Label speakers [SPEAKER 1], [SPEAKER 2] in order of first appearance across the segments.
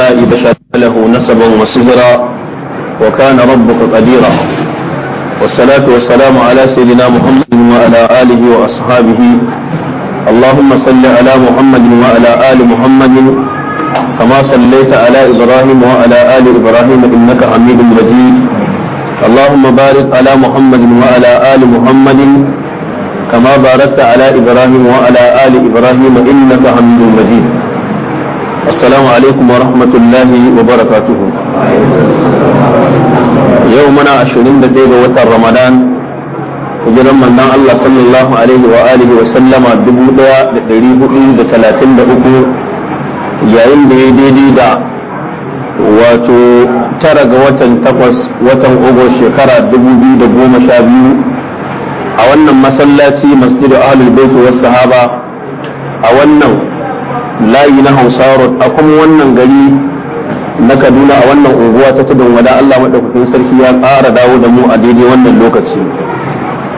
[SPEAKER 1] السماء فشمله نسبا وسهرا وكان ربك قديرا والصلاة والسلام على سيدنا محمد وعلى آله وأصحابه اللهم صل على محمد وعلى آل محمد كما صليت على إبراهيم وعلى آل إبراهيم إنك حميد مجيد اللهم بارك على محمد وعلى آل محمد كما باركت على إبراهيم وعلى آل إبراهيم إنك حميد مجيد السلام عليكم ورحمة الله وبركاته يومنا عشرين دقيقة وتر رمضان hijiran manzon Allah sallallahu alaihi wa alihi wa sallama dubu daya da ɗari hudu da talatin da uku yayin da ya daidai da wato tara ga watan takwas watan ogo shekara dubu biyu da goma sha biyu a wannan masallaci masjidu ahlul bait sahaba a wannan layi na hausa road a kuma wannan gari na kaduna a wannan unguwa ta tudun wada allah maɗaukakin sarki ya ƙara dawo da mu a daidai wannan lokaci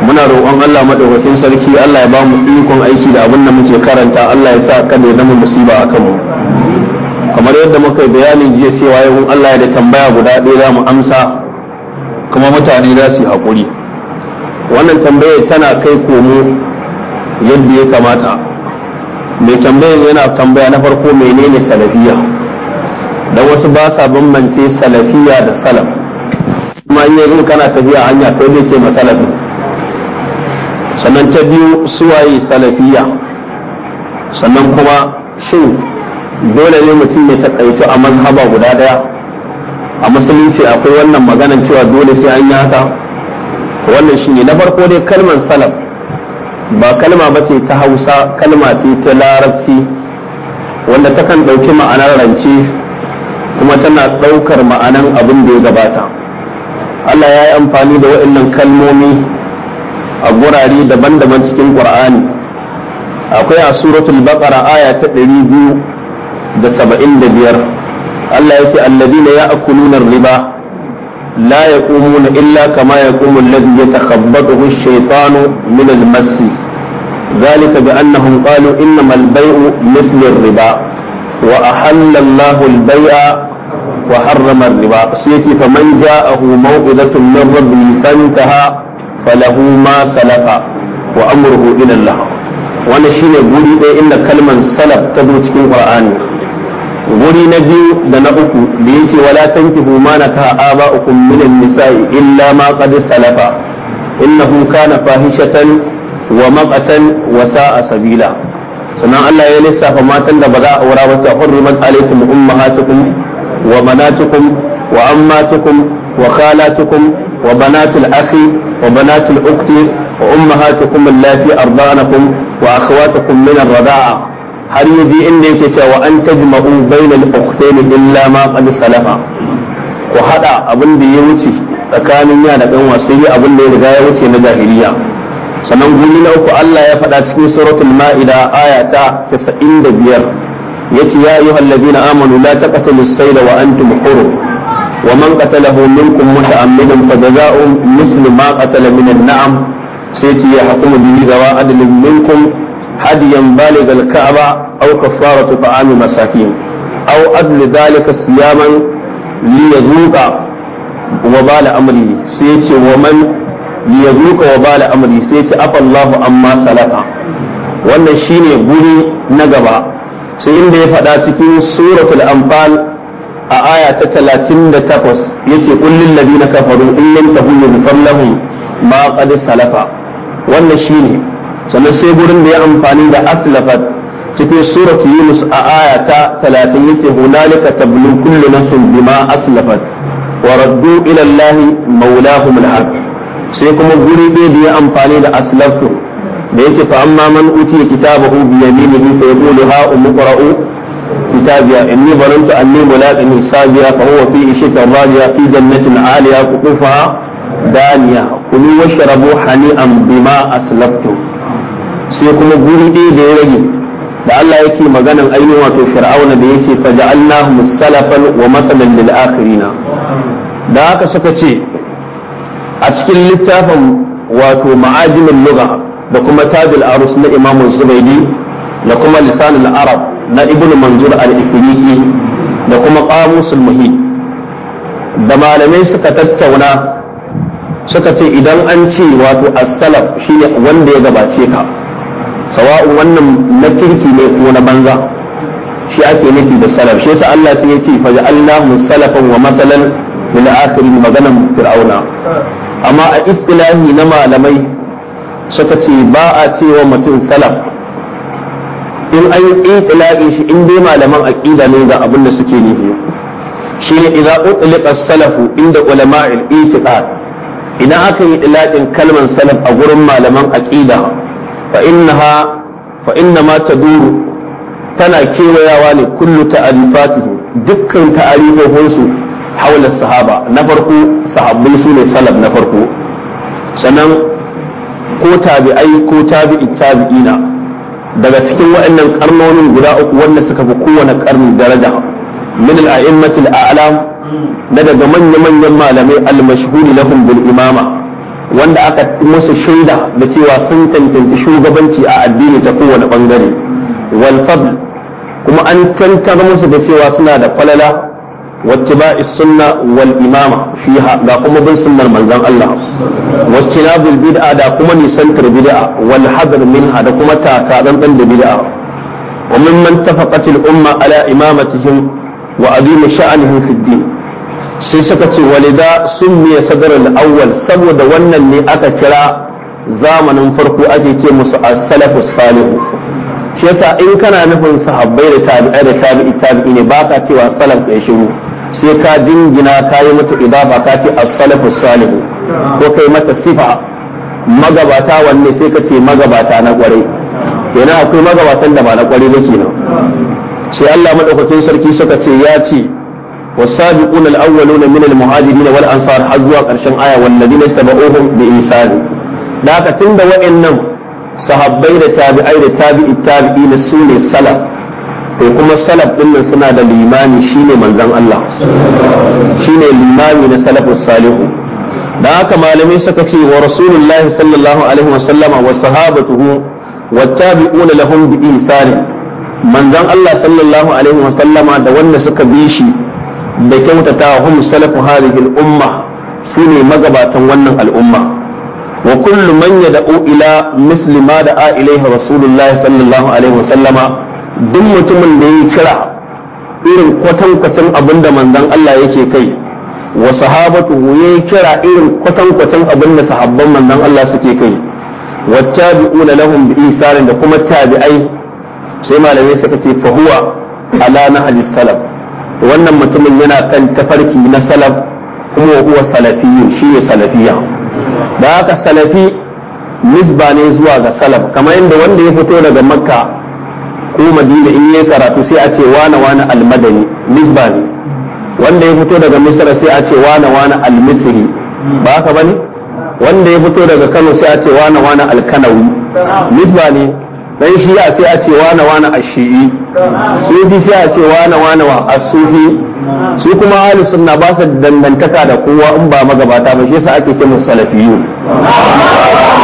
[SPEAKER 1] muna roƙon allah maɗaukakin sarki allah ya ba mu ikon aiki da abin da muke karanta allah ya sa kada ya zama musiba a kanmu kamar yadda muka yi bayanin jiya cewa yau allah ya da tambaya guda ɗaya za mu amsa kuma mutane za su yi haƙuri wannan tambayar tana kai komo yadda ya kamata mai tambayin yana tambaya na farko menene salafiya da wasu ba sa bambance salafiya da salaf kuma iya yin kana tafiya hanya ko zai ce masalafin sannan ta biyu suwaye salafiya sannan kuma shin dole ne mutum ya takaitu a mazhaba guda daya a musulunci akwai wannan maganan cewa dole sai an yi haka wannan ne na farko dai kalmar salaf ba kalma ba ce ta hausa kalma ce ta larabci wanda takan ɗauki ma'anar rance kuma tana ɗaukar ma'anan abin da ya gabata allah ya yi amfani da waɗannan kalmomi a gurare daban-daban cikin ƙur'ani akwai a suratul baqara aya ta ɗari biyu da saba'in da biyar allah ya ce allazina ya akulunar riba لا يقومون إلا كما يقوم الذي يتخبطه الشيطان من المس ذلك بأنهم قالوا إنما البيع مثل الربا وأحل الله البيع وحرم الربا سيتي فمن جاءه موعظة من ربه فانتهى فله ما سلف وأمره إلى الله وأنا شيني قولي إيه إن كلمة سلف تدوت في القرآن guri na biyu da na uku da yake wala tankihu ma naka aba'ukum min an-nisa'i illa ma qad salafa innahu kana fahishatan wa mabatan wa sa'a sabila sannan Allah ya lissafa matan da ba za a aura ba ta hurrimat alaikum ummahatukum wa manatukum wa ammatukum wa khalatukum wa banatul akhi wa banatul ukhti wa ummahatukum allati arda'anakum wa akhawatukum min ar-rida'a har yaji inda yake cewa an tajma'u bainal ukhtayn illa ma qad salafa ku hada abin da ya wuce tsakanin ya da dan wasu abin da ya riga ya wuce na jahiliya sannan guri na uku Allah ya faɗa cikin suratul ma'ida aya ta 95 yace ya ayyuha alladhina amanu la taqtulu as-sayda wa antum hurum wa man qatalahu minkum muta'ammidan fajaza'un mislu ma qatala min an-na'am sai ce ya hukumu bihi dawa adlin minkum hadiyan baligh al-ka'ba aw kafaratu ta'am masakin aw adlu dhalika siyaman li yazuqa wa bala amri sai ce wa man li yazuka wa bala amri sai ta afallahu amma salafa wannan shine guri na gaba sai inda ya faɗa cikin suratul anfal a aya ta 38 yace qul lil ladina kafaru in lam tahunu bi ma qad salafa wannan shine sannan sai gurin da ya amfani da aslafat cikin suratu yunus a aya ta 30 yace hunalika tablu kullu nafsin bima aslafat wa raddu ila allahi mawlahum al sai kuma guri ɗaya da ya amfani da aslaftu da yake fa amma man utiya kitabahu bi yaminihi fa yaqulu ha umqra'u kitabiya inni barantu anni mulaqin hisabiya fa huwa fi ishtin radiya fi jannatin 'aliya qutufaha daniya kulu washrabu hani'an bima aslaftu sai kuma guri ɗaya da ya rage da Allah yake maganan ainihin wato fir'auna da yake fa ja'alnahu musalafan wa masalan lil akhirina da haka suka ce a cikin littafin wato ma'ajimin lugha da kuma tajul arus na imam zubaidi da kuma lisanin arab na ibn manzur al-ifriqi da kuma qamusul muhit da malamai suka tattauna suka ce idan an ce wato as-salaf shine wanda ya gabace ka sawa'u wannan na kirki ne ko na banza shi ake nufi da salaf shi yasa Allah sai ya ce faj'alnahu salafan wa masalan lil akhirin maganan fir'auna amma a istilahi na malamai suka ce ba a cewa mutum salaf in an yi shi in dai malaman aƙida ne ga abin da suke nufi shi ne idan utlika salafu inda ulama al-itiqad idan aka yi ilaƙin kalman salaf a gurin malaman aƙida fa innaha fa inna ma taduru tana kewayawa ne kullu ta'arifatihi dukkan ta'arifofinsu haula sahaba na farko sahabbai su ne salaf na farko sannan ko tabi'ai ko tabi'i tabi'ina daga cikin waɗannan karnonin guda uku wanda suka fi kowane karni daraja min al-a'immatil a'lam na daga manya-manyan malamai al-mashhuri lahum bil imama wanda aka musu shaida da cewa sun tantance shugabanci a addini ta kowane bangare wal fadl kuma an tantar musu da cewa suna da falala واتباع السنة والإمامة فيها دا كما بن سنة المنزل الله واجتناب البدعة دا كما نسنتر بدعة والحذر منها دا كما تاكادا بند بدعة وممن اتفقت الأمة على إمامتهم وأديم شأنهم في الدين سيسكت ولذا سمي صدر الأول سود ون اللي أكترا زامن فرقو أجيتي السلف الصالح shi yasa in kana nufin sahabbai da tabi'ai da tabi'i tabi'i ne ba ka cewa salaf ya shiru sai ka dingina ka yi mata ibaba ka ce as-salafu salihu ko kai mata sifa magabata wanne sai ka ce magabata na kwarai kenan akwai magabatan da ba na kwarai ba kenan sai Allah madaukakin sarki suka ce ya ce والسابقون الأولون من المهاجرين والأنصار حزوا قرشن آية والذين aya بإنسان لا تتند وإنهم صحابي da tabi'ai da tabi'i tabi'i na sune salaf to kuma salaf dinnan suna da limami shine manzon Allah shine limami na salafus salihu da haka malamai suka ce wa rasulullahi sallallahu alaihi wa sallama wa sahabatuhu wa tabi'una lahum bi ihsan manzon Allah sallallahu alaihi wa sallama da wanda suka bi shi da kyautata hum salafu hadhihi al-umma sune magabatan wannan al'umma Wa من يدعو إلى مثل ما da إليه رسول الله sallallahu الله عليه duk mutumin da ya kira irin kwatankwacin abin da manzan Allah yake kai wa sahabatu ya kira irin kwatankwacin abin da sahabban manzan Allah suke kai wattabi'una lahum bi isarin da kuma tabi'ai sai malamai suka ce fa huwa ala hadis salaf wannan mutumin yana kan tafarki na salaf kuma huwa salafiyyun shi ne salafiyya da haka salafi nisba ne zuwa ga salaf kamar inda wanda ya fito daga makka ko madina in yi karatu sai a ce wane wane almadani misba ne wanda ya fito daga misra sai a ce wane wane almisri ba haka bane wanda ya fito daga kano sai a ce wane wane alkanawi misba ne dan shi'a sai a ce wane wane ashi'i sufi sai a ce wane wane wa asufi su kuma ahli sunna ba su dangantaka da kowa in ba magabata ba shi yasa ake kiran salafiyun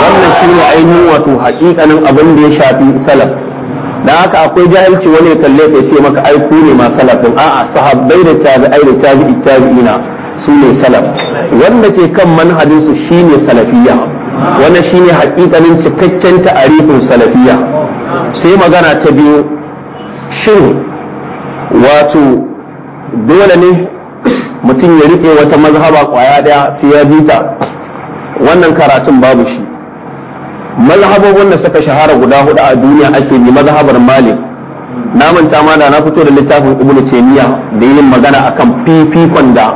[SPEAKER 1] wannan shine ainihin wato hakikanin abin da ya shafi salaf da haka akwai jahilci wani kalle ka ce maka ai ku ne ma salafin a'a sahabbai da tabi'ai da tabi'i tabi'ina su ne salaf wanda ke kan manhajin su shine salafiyya wannan shine hakikanin cikakken ta'arifin salafiyya sai magana ta biyu shin wato dole ne mutum ya rike wata mazhaba kwaya daya sai ya bita wannan karatun babu shi mazhabobin da suka shahara guda hudu a duniya ake bi mazhabar malik na manta ma da na fito da littafin ibnu taymiya da yin magana akan fifikon da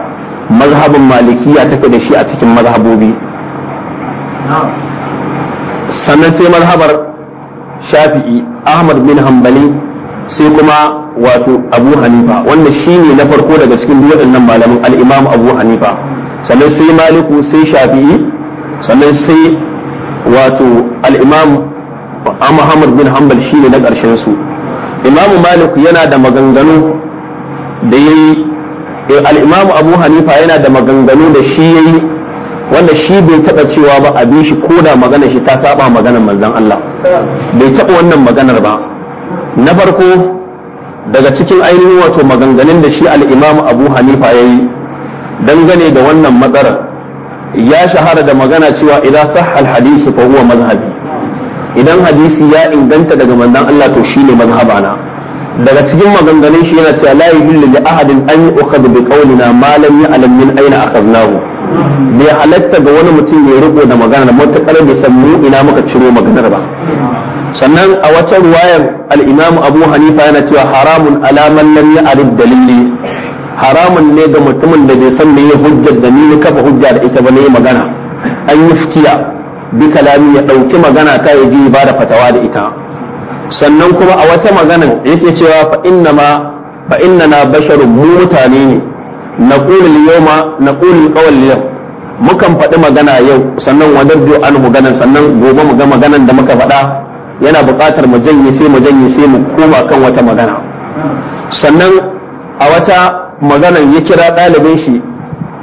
[SPEAKER 1] mazhabin malikiya take da shi a cikin mazhabobi sannan sai mazhabar shafi'i ahmad bin hanbali sai kuma wato abu hanifa wanda shi ne na farko daga cikin waɗannan malamin al'imam abu hanifa sannan sai maliku sai shafi'i sannan sai wato al’imam Muhammad bin Hanbal ne na ƙarshen su Imam Malik yana da maganganu da ya yi eh, al’imam Abu Hanifa yana da maganganu da shi ya yi. wanda shi bai taɓa cewa ba abin shi ko da magana shi ta saba maganar manzan Allah bai taɓa wannan maganar ba na farko daga cikin ainihin wato maganganun da shi al’imam Abu Hanifa ya yayi dangane da wannan matsalar ya shahara da magana cewa idan sahha al-hadith fa huwa mazhabi idan hadisi ya inganta daga manzon Allah to shine mazhabana daga cikin maganganun shi yana cewa la yuhillu li ahadin an yu'khadha bi qawlina ma lam ya'lam min ayna akhadnahu bai halatta ga wani mutum ya riko da magana matakar da mu ina muka ciro maganar ba sannan a wata ruwayar al-imam Abu Hanifa yana cewa haramun ala man lam ya'rif dalili haramun ne ga mutumin da bai san me ya hujjar da ni kafa hujja da ita ba ne magana an yi fikiya bi kalami ya dauki magana ta yaji ba da fatawa da ita sannan kuma a wata magana yake cewa fa inna ma fa na basharu mu mutane ne na al-yawma naqulu al-qawl yau mukan faɗi magana yau sannan wadar do an maganan sannan gobe mu ga maganan da muka faɗa yana buƙatar mu janye sai mu janye sai mu koma kan wata magana sannan a wata maganan ya kira ɗalibin shi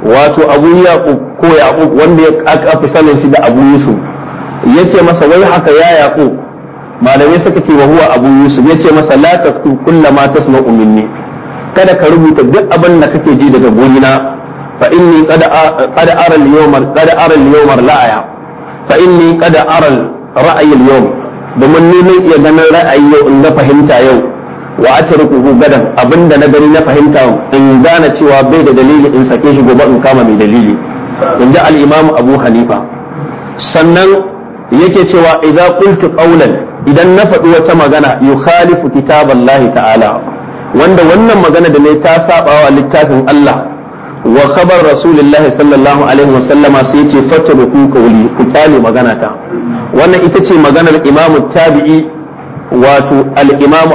[SPEAKER 1] wato abu yaqub ko yaqub wanda ya aka sanin shi da abu yusuf yace masa wai haka ya yaqub malamai suka ce wa huwa abu yusuf yace masa la taktub kullama tasma'u minni kada ka rubuta duk abin da kake ji daga gurina fa inni qad qad ara al-yawma qad ara al-yawma fa inni qad ara ra'ayi al-yawm domin ni ne iya ganin ra'ayi yau in da fahimta yau wa rukuku gadan abinda na gani na fahimta in gane cewa bai da dalili in sake shi gobe in kama mai dalili in ji al-imam abu hanifa sannan yake cewa idza qultu qawlan idan na faɗi wata magana yukhalifu kitaballahi ta'ala wanda wannan magana da ne ta sabawa littafin Allah wa khabar rasulullahi sallallahu alaihi wa sallama sai yace fatruku qawli ku kyale magana ta wannan ita ce maganar imamu tabi'i wato al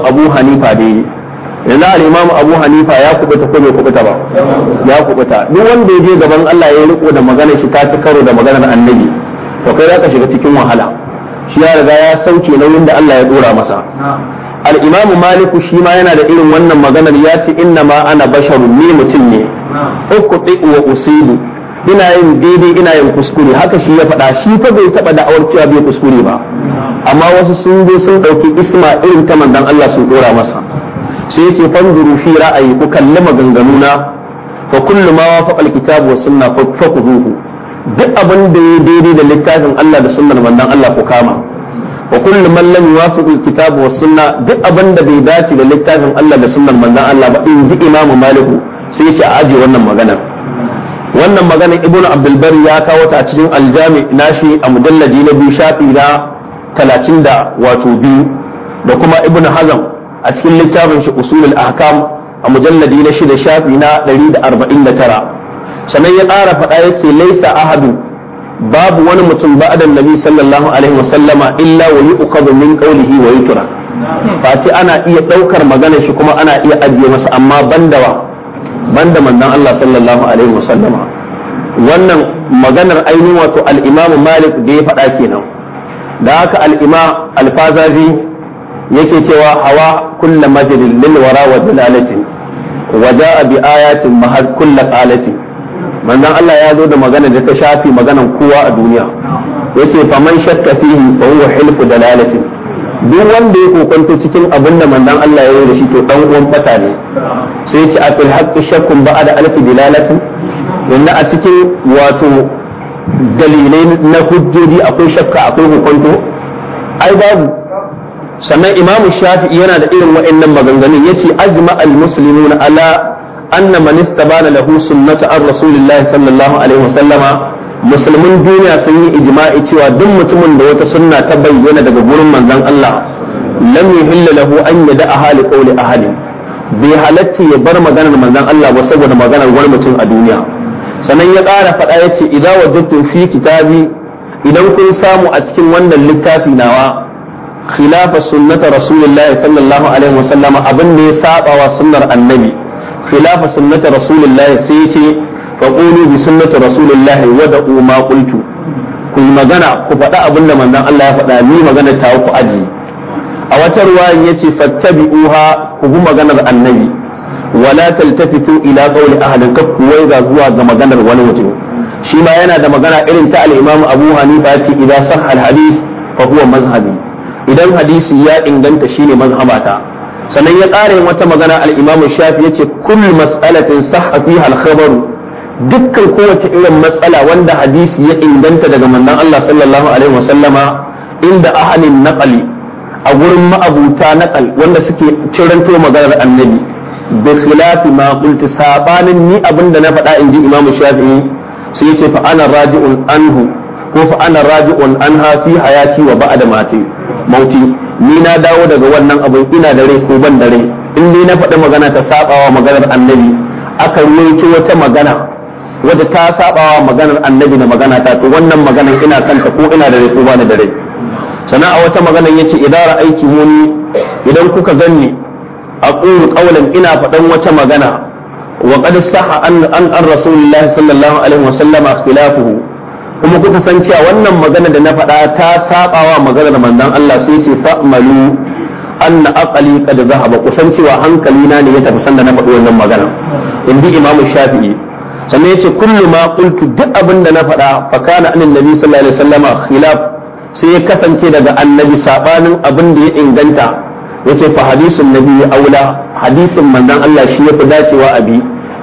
[SPEAKER 1] abu hanifa dai yanzu al abu hanifa ya kubuta ko bai kubuta ba ya kubuta duk wanda ya je gaban Allah ya riko da magana shi ta ci karo da maganar annabi to kai za ka shiga cikin wahala shi ya riga ya sauke nauyin da Allah ya dora masa al maliku shi ma yana da irin wannan maganar ya ce inna ma ana basharu ni mutum ne ukuti wa usibu ina yin daidai ina yin kuskure haka shi ya faɗa shi fa bai taɓa da'awar cewa bai kuskure ba amma wasu sun zo sun ɗauki isma irin ta manzon Allah sun tsora masa sai yake fanzuru fi ra'ayi ku kalli na. fa kullu ma wafaqa alkitabu wa sunna fakuhu duk abin da ya daidai da littafin Allah da sunnar manzon Allah ku kama wa kullu man lam yuwafiq alkitabu wa sunna duk abin da bai dace da littafin Allah da sunnar manzon Allah ba in ji imamu maliku sai yake a aje wannan maganar wannan maganar ibnu abdul bari ya kawo ta cikin aljami nashi a mujalladi na biyu shafi na talatin da wato biyu da kuma ibn hazam a cikin littafin shi usulul ahkam a mujalladi na shida shafi na 149 sannan ya ƙara faɗa ce laisa ahadu babu wani mutum ba da nabi sallallahu alaihi wasallama illa wa yuqadu min qawlihi wa yutra fati ana iya ɗaukar maganar shi kuma ana iya ajiye masa amma bandawa banda manzon Allah sallallahu alaihi wasallama wannan maganar ainihin wato al-Imam Malik da ya faɗa kenan da haka al'ima alfazazi yake cewa hawa kulla majalin lilwara wa dalalatin waja a bi ayatin mahar kulla qalati manzon Allah ya zo da magana da ta shafi maganan kowa a duniya yace faman shakka fihi fa huwa hilfu dalalatin duk wanda ya kokonto cikin abin da manzon Allah ya yi da shi to dan uwan fata ne sai yace a fil haqqi shakkun ba'da alfi dalalatin yanda a cikin wato dalilai na hujjoji akwai shakka akwai hukunto ai babu sannan imamu shafi'i yana da irin wa'annan maganganun yace ajma al muslimun ala anna man istabana lahu sunnata ar rasulillah sallallahu alaihi wasallama musulmin duniya sun yi ijma'i cewa duk mutumin da wata sunna ta bayyana daga gurin manzon Allah lam yuhilla lahu an yada hali qawli ahli bai halatti ya bar maganar manzon Allah ba saboda maganar wani mutum a duniya sannan ya ƙara faɗa ya ce idan wajattum fi kitabi idan kun samu a cikin wannan littafi nawa khilafa sunnata rasulullahi sallallahu alaihi wasallama abin da ya saba wa sunnar annabi khilafa sunnata rasulullahi sai ya ce faqulu bi sunnati rasulillahi wa da ma qultu ku yi magana ku faɗa abin da manzon Allah ya faɗa ni magana ta ku aji a wata ruwayan yace fattabi'uha ku bi maganar annabi Walatal ta fito ila qawli ahlin kaf waiga zuwa ga maganar wani mutum shi ma yana da magana irin ta al abu hanifa yace idan sah al-hadith fa mazhabi idan hadisi ya inganta shine mazhabata sannan ya ƙara yin wata magana al-imam shafi yace kullu mas'alatin sahha fiha al-khabar dukkan kowace irin matsala wanda hadisi ya inganta daga manzon Allah sallallahu alaihi wasallama inda ahlin naqli a gurin ma'abuta naqal wanda suke ciranto maganar annabi bi khilafi ma qultu sabanin ni abinda na faɗa in ji imamu shafi'i sai ce fa ana raji'un anhu ko fa ana raji'un anha fi hayati wa ba'da mati mauti ni na dawo daga wannan abin ina da rai ko ban da rai in ni na faɗi magana ta sabawa maganar annabi aka ruwaito wata magana wadda ta sabawa maganar annabi na magana ta to wannan maganar ina kanta ko ina da rai ko ni da rai sana'a wata maganar yace idara aiki muni idan kuka ganni A aqulu qawlan ina faɗan wata magana wa qad sahha an an rasulullahi sallallahu alaihi wa sallama ikhtilafuhu kuma kuka san cewa wannan magana da na faɗa ta sabawa maganar manzon Allah sai ce fa'malu anna aqali qad zahaba kusan cewa hankali na ne ya tafi sanda na faɗi wannan magana
[SPEAKER 2] Indi bi shafi'i
[SPEAKER 1] sannan yace kullu ma qultu duk abinda na faɗa fa kana annabi sallallahu alaihi wasallama khilaf sai ya kasance daga annabi sabanin abin da ya inganta yace fa hadisin nabi aula hadisin manzon Allah shi yafi dacewa abi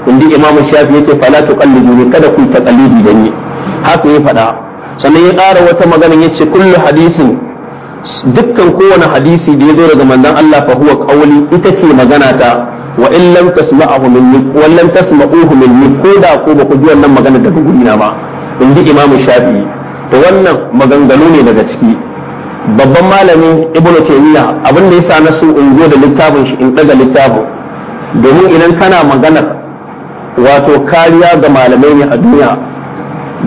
[SPEAKER 1] indi imamu shafi yace falatu tuqallidu ni kada ku taqallidi da ni haka ya faɗa sannan ya ƙara wata magana yace kullu hadisin dukkan kowane hadisi da ya zo daga manzon Allah fa huwa qawli ita ce magana ta wa in lam tasma'ahu minni wa lam tasma'uhu minni ko da ko ba ku ji wannan magana daga gurina ba indi imamu shafi to wannan maganganu ne daga ciki babban malami ibnu taymiya abin da yasa na so in zo da littafin shi in daga littafin domin idan kana magana wato kariya ga malamai ne a duniya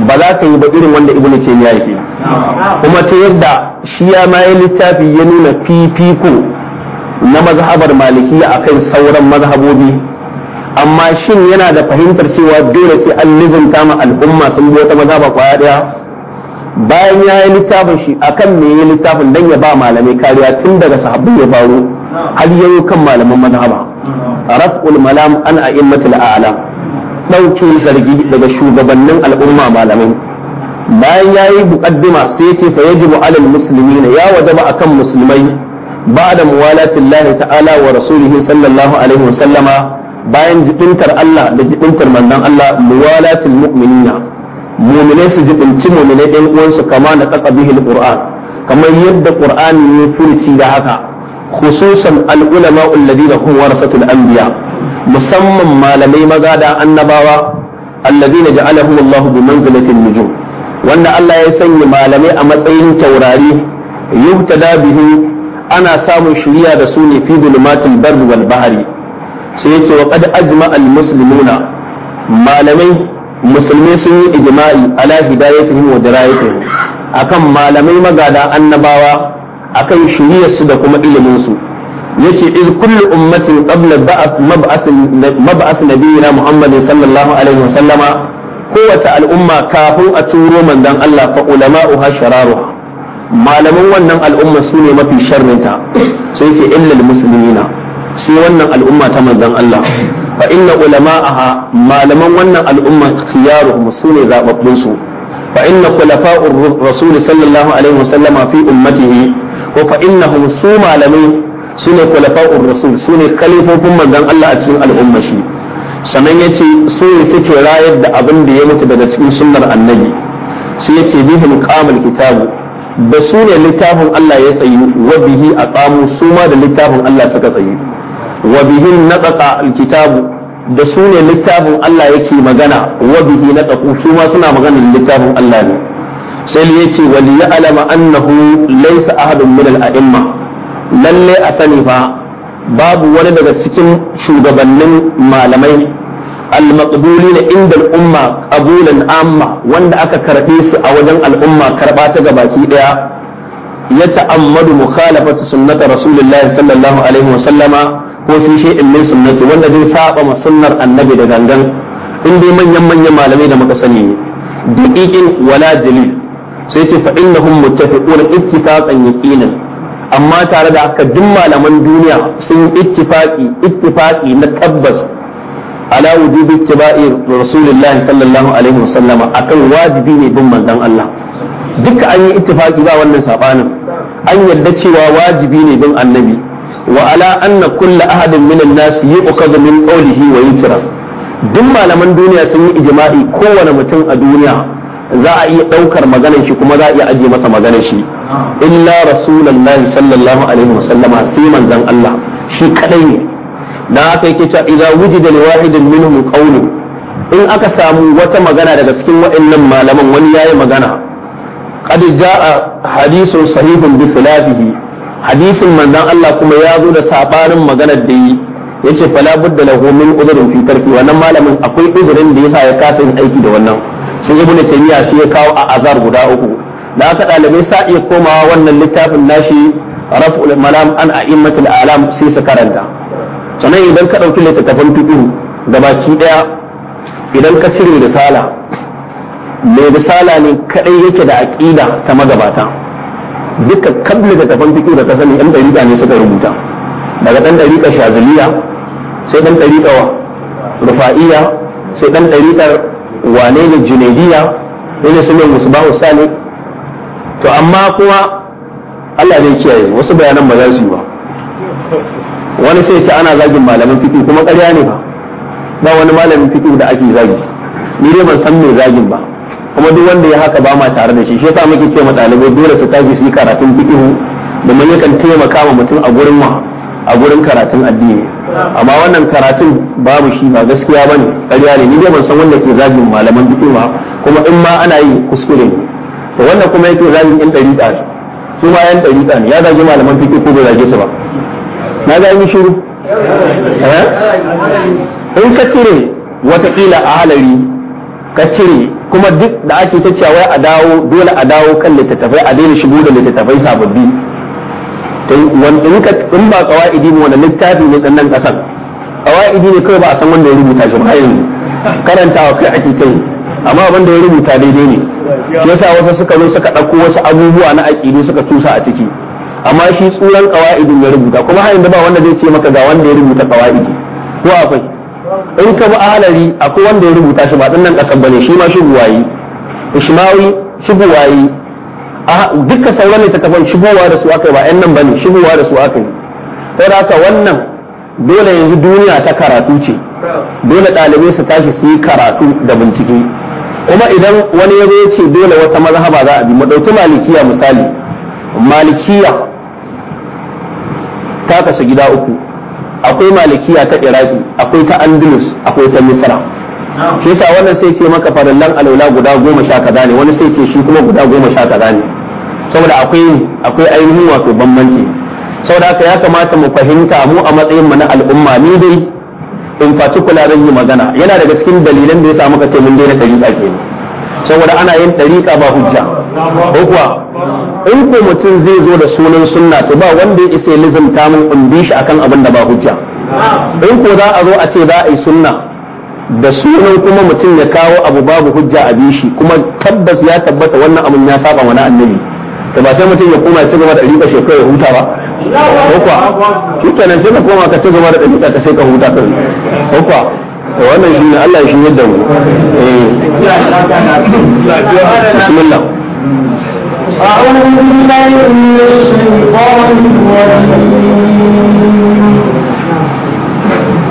[SPEAKER 1] ba za ka yi ba irin wanda ibnu taymiya yake kuma ta yadda shi ya ma littafi ya nuna fifiko na mazhabar malikiya akan sauran mazhabobi amma shin yana da fahimtar cewa dole sai an lizinta ma al'umma sun bi wata mazhaba kwaya daya bayan ya yi littafin shi akan me ya littafin dan ya ba malamai kariya tun daga sahabbai ya faru har yi kan malaman mazhaba raf'ul malam an a'immatul a'lam dauke zargi daga shugabannin al'umma malamai bayan ya yi muqaddima sai ce fa yajibu alal muslimina ya wajaba akan musulmai ba'da muwalatillahi ta'ala wa rasulihi sallallahu alaihi wa sallama bayan jibintar Allah da jibintar manzon Allah muwalacin mu'minina mu'minai su jibinci mu'minai ɗan uwansu kama na tsaka bihi alquran kamar yadda qur'ani ne furci da haka khususan al'ulama alladhina hum warasatul anbiya musamman malamai maza da annabawa alladhina ja'alahum Allahu bi manzilatin nujum wanda Allah ya sanya malamai a matsayin taurari yuhtada bihi ana samun shiriya da su ne fi zulumatul barri wal bahri sai yace wa qad ajma al muslimuna malamai musulmi sun yi ijma'i ala hidayatihim wa dirayatihim akan malamai magada annabawa akan shiriyarsu da kuma iliminsu yace iz kullu ummatin qabla ba'ath mab'ath mab'ath nabiyina muhammadin sallallahu alaihi wa sallama kowace al'umma kafin a turo manzon Allah fa ulama'u shararuha Malamin wannan al'umma su ne mafi sharrinta sai ce illal muslimina sai wannan al'umma ta manzon Allah fa inna ulama'aha malaman wannan al'umma khiyaruhum sune zababbun su fa inna khulafa'ur rasul sallallahu alaihi wasallama fi ummatihi wa fa innahum su malamai sune khulafa'ur rasul sune khalifofin manzon Allah a cikin al'umma shi sanan yace su suke rayar da abin da ya mutu daga cikin sunnar annabi su yace bihim qamal kitabu da su ne littafin Allah ya tsayi wa bihi a tsamu su ma da littafin Allah suka tsayi wa bihin nataqa alkitabu da su ne littafin Allah yake magana wa bihi nataqu su ma suna magana littafin Allah ne sai yace wa ya alama annahu laysa ahadun min al lalle a sani fa babu wani daga cikin shugabannin malamai al na inda al-umma qabulan amma wanda aka karbe su a wajen al'umma karba ta gabaki daya ya ta'ammadu mukhalafatu sunnata rasulillahi sallallahu alaihi wa sallama ko fi shay'in min sunnati wanda zai saba ma sunnar annabi da gangan in dai manyan manyan malamai da muka sani ne daqiqin wala dalil sai ce fa innahum muttafiqun ittifaqan yaqinan amma tare da haka duk malaman duniya sun ittifaqi ittifaqi na tabbas ala wujubi ittiba'i rasulillahi sallallahu alaihi wasallam akan wajibi ne bin manzon Allah duka an yi ittifaqi ba wannan sabanin an yadda cewa wajibi ne bin annabi Wa'ala ala anna kullu ahadin minan nas yu'khadhu min qawlihi duk malaman duniya sun yi ijima'i kowane mutum a duniya za a iya ɗaukar maganar shi kuma za a iya ajiye masa maganar shi illa rasulullahi sallallahu alaihi wasallama sai manzon Allah shi kadai ne da haka yake cewa idza wujida li wahidin minhum qawlun in aka samu wata magana daga cikin waɗannan malaman wani yayi magana qad jaa hadithun sahihun bi khilafihi hadisin manzon Allah kuma ya zo da sabanin maganar da yi yace fala budda lahu min udhrin fi tarki wannan malamin akwai uzurin da yasa ya kasa yin aiki da wannan sai ibnu taymiya shi ya kawo a azar guda uku da haka dalibai sa iya komawa wannan littafin nashi raf'ul malam an a'immatul alam sai su karanta sannan idan ka dauki littafin fiqh da baki daya idan ka cire risala mai risala ne kadai yake da aqida ta magabata duka kabla da tafan fito da ta sani yan ɗariƙa ne suka rubuta daga ɗan ɗariƙa shaziliya sai ɗan ɗariƙa rufa'iya sai ɗan ɗariƙar wane ne junaidiyya, wani su ne musbahu sani to amma kuma Allah ne kiyaye wasu bayanan ba za su yi ba wani sai ce ana zagin malamin fito kuma karya ne ba ba wani malamin fito da ake zagi ni dai ban san mai zagin ba kuma duk wanda ya haka ba ma tare da shi shi yasa muke ce ɗalibai dole su tashi su yi karatun fiqhu domin yakan taimaka ma mutum a gurin ma a gurin karatun addini amma wannan karatun babu shi ba gaskiya bane ƙarya ne ni dai ban san wanda ke zagin malaman fiqhu ba kuma in ma ana yi kuskure ne to wannan kuma yake zagin in ɗariƙa su ma yan ɗariƙa ne ya zagi malaman fiqhu ko bai zage su ba na ga yi shiru eh? in ka cire watakila a halari ka cire kuma duk da ake ta cewa a dawo dole a dawo kan littattafai a daina shigo da littattafai sababbi in ka in ba qawaidi ne wannan littafi ne dan nan kasan qawaidi ne kawai ba a san wanda ya rubuta shi ba Karanta karantawa kai ake kai yi amma wanda ya rubuta daidai ne yasa wasu suka zo suka ɗauko wasu abubuwa na aƙidu suka tusa a ciki amma shi tsuran qawaidin ya rubuta kuma har yanzu ba wanda zai ce maka ga wanda ya rubuta qawaidi ko akwai in ka bi ahalari akwai wanda ya rubuta shi ba dinnan kasar bane shi ma shubuwayi ishmawi shubuwayi duka sauran littattafan shigowa da su aka ba yan nan bane shigowa da su aka yi sai da haka wannan dole yanzu duniya ta karatu ce dole ɗalibai su tashi su yi karatu da bincike kuma idan wani yaro ya ce dole wata mazhaba za a bi mu ɗauki malikiya misali malikiya ta kasu gida uku akwai malikiya ta iraki akwai ta andalus akwai ta misra shi yasa wannan sai ce maka farallan alaula guda goma sha kaza ne wani sai ce shi kuma guda goma sha kaza ne saboda akwai akwai ainihin wato bambanci saboda haka ya kamata mu fahimta mu a matsayin mu na al'umma ni dai in kula zan yi magana yana daga cikin dalilan da ya muka ce mun daina dariƙa kenan saboda ana yin dariƙa ba hujja ko kuwa in ko mutum zai zo da sunan sunna to ba wanda ya isa lizimta min in bi shi akan abin da ba hujja in ko za a zo a ce za a yi sunna da sunan kuma mutum ya kawo abu babu hujja a bi shi kuma tabbas ya tabbata wannan abin ya saba wani annabi to ba sai mutum ya koma ya ci gaba da riƙa shekaru ya huta ba ko kuwa shi kenan sai ka koma ka ci gaba da ɗabi'a ka sai ka huta kan ko kuwa wannan shi ne Allah ya shi yadda mu eh bismillah أعوذ بالله من الشيطان الرجيم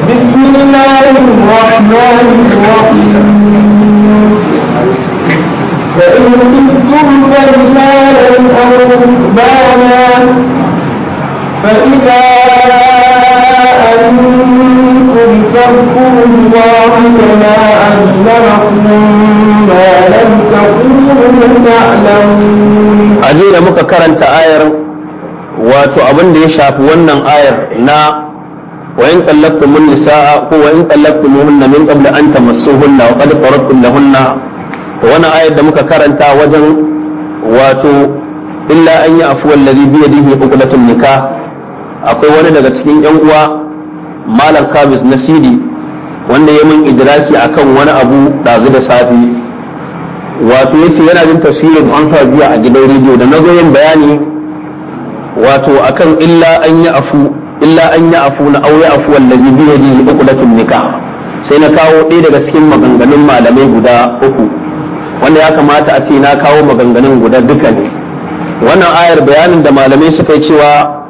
[SPEAKER 1] بسم الله الرحمن الرحيم فإن كنتم رجالا أو ركبانا فإذا أنتم منكم تذكروا الله كما علمكم ما لم تكونوا تعلمون أجينا مكررة آية wato abin da ya shafi wannan ayar na wa in mun nisaa ko wa in mun min qabla an tamassuhunna wa qad faradtum lahunna to wannan ayar da muka karanta wajen wato illa an yi afuwal ladhi bi yadihi uqdatun nikah akwai wani daga cikin yan uwa malam kabis na sidi wanda ya min idraki akan wani abu ɗazu da safi wato yace yana jin tafsirin an biya a gidan rediyo da na yin bayani wato akan illa an yi afu illa an yi afu na aure afu wallazi bi yadihi ukulatun nikah sai na kawo ɗaya daga cikin maganganun malamai guda uku wanda ya kamata a ce na kawo maganganun guda duka ne wannan ayar bayanin da malamai suka yi cewa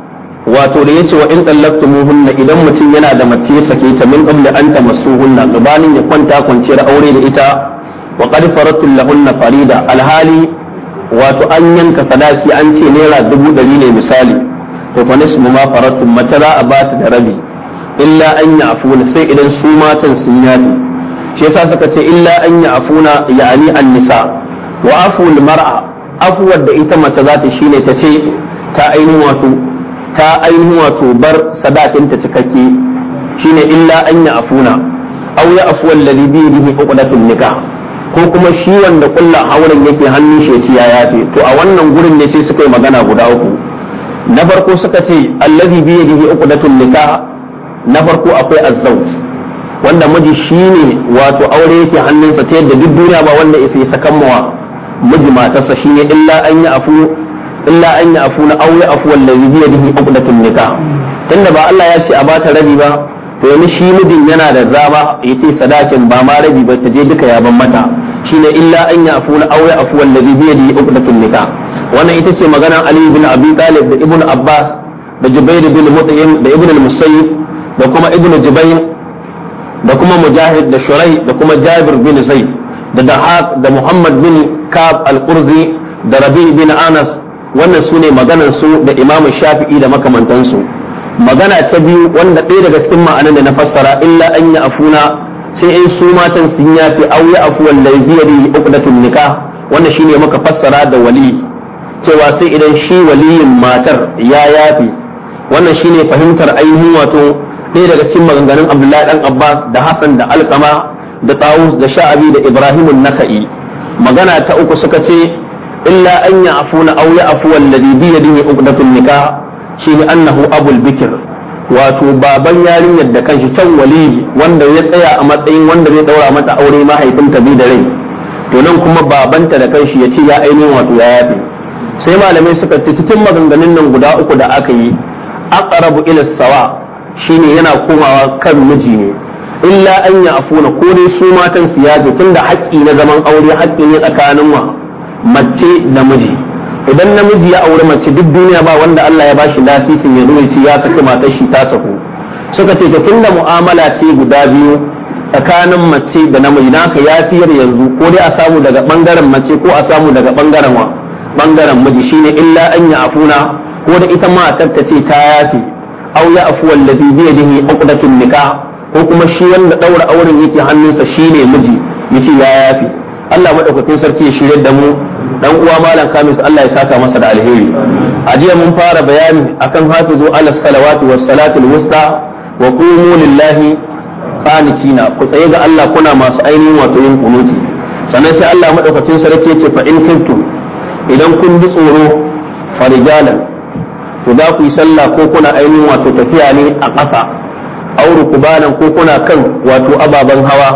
[SPEAKER 1] wato da yace wa in hunna idan mutum yana da mace sake ta min qabli an tamassuhunna gabanin ya kwanta kwanciyar aure da ita wa qad faratu lahunna farida alhali wato an yanka sadaki an ce naira dubu ɗari ne misali to fa nismu ma faratu mata za a ba ta da rabi illa an afuna sai idan su matan sun yafi shi yasa suka ce illa an afuna an-nisa wa afu al-mar'a afuwar da ita mace za ta shine ta ce ta ainihin wato ta ainihin wato bar sadakinta cikakke shine illa an ya afuna aw ya afu alladhi bi bihi uqdatun nikah ko kuma shi wanda kullu auren yake hannun shi ya yafe to a wannan gurin ne sai suka yi magana guda uku na farko suka ce alladhi bi yadihi uqdatun nikah na farko akwai azzawj wanda miji ne wato aure yake hannunsa ta yadda duk duniya ba wanda isa ya sakan mawa miji matarsa ne illa an ya afu illa an ya auya afu wallazi biya dihi uqdatun tunda ba Allah ya ce a bata rabi ba to wani shi mijin yana da zaba yace sadakin ba ma rabi ba ta je duka ya ban mata shine illa an ya auya afu wallazi biya dihi uqdatun wannan ita ce maganar Aliyu bin Abi Talib da Ibn Abbas da Jubair bin Mut'im da Ibn al-Musayyib da kuma Ibn Jubair da kuma Mujahid da Shurai da kuma Jabir bin Zaid da Dahab da Muhammad bin Kab al-Qurzi da Rabi bin Anas wannan su ne maganar su da Imamin shafi'i da makamantansu magana ta biyu wanda ɗaya daga cikin ma'anan da na fassara illa an yi afuna sai in su matan sun yafi au ya afuwan laifiyari uqdatun nikah wannan ne muka fassara da wali cewa sai idan shi waliyin matar ya yafi wannan shine fahimtar ainihin wato ɗaya daga cikin maganganun abdullahi dan abbas da hassan da alkama da tawus da sha'abi da ibrahim nakai magana ta uku suka ce illa an ya afu na auya afu wallazi bi yadihi uqdatun nikah shine annahu abul bikr wato baban yarinyar da kanshi can waliyi wanda ya tsaya a matsayin wanda zai daura mata aure mahaifinta bi da rai to nan kuma babanta da kanshi ya ce ya ainihin wato ya yafe sai malamai suka ce cikin maganganun nan guda uku da aka yi aqrabu ila sawa shine yana komawa kan miji ne illa an ya afuna ko dai su matan su yaje tunda haƙƙi na zaman aure haƙƙi ne tsakanin wa mace namiji idan namiji ya auri mace duk duniya ba wanda Allah ya bashi lasisin ya zo ya saki matar shi ta saku suka ce tun tunda mu'amala ce guda biyu tsakanin mace da namiji Na naka yafiyar yanzu ko dai a samu daga bangaren mace ko a samu daga bangaren wa bangaren miji shine illa an ya afuna ko da ita matar ta ce ta yafi aw ya afu wallazi bi yadihi uqdatun nikah ko kuma shi wanda daura auren yake hannunsa shine miji yace ya yafi Allah madaukakin sarki ya shirye da mu dan uwa malam kamis Allah ya saka masa da alheri a jiya mun fara bayani akan hafizu ala salawati was salatul wusta wa qumu lillahi qanitina ku tsaye ga Allah kuna masu ainihin wato yin kunuti sannan sai Allah madaukakin sarki yace fa in kuntum idan kun bi tsoro farijalan to za ku yi sallah ko kuna ainihin wato tafiya ne a ƙasa auru kubanan ko kuna kan wato ababen hawa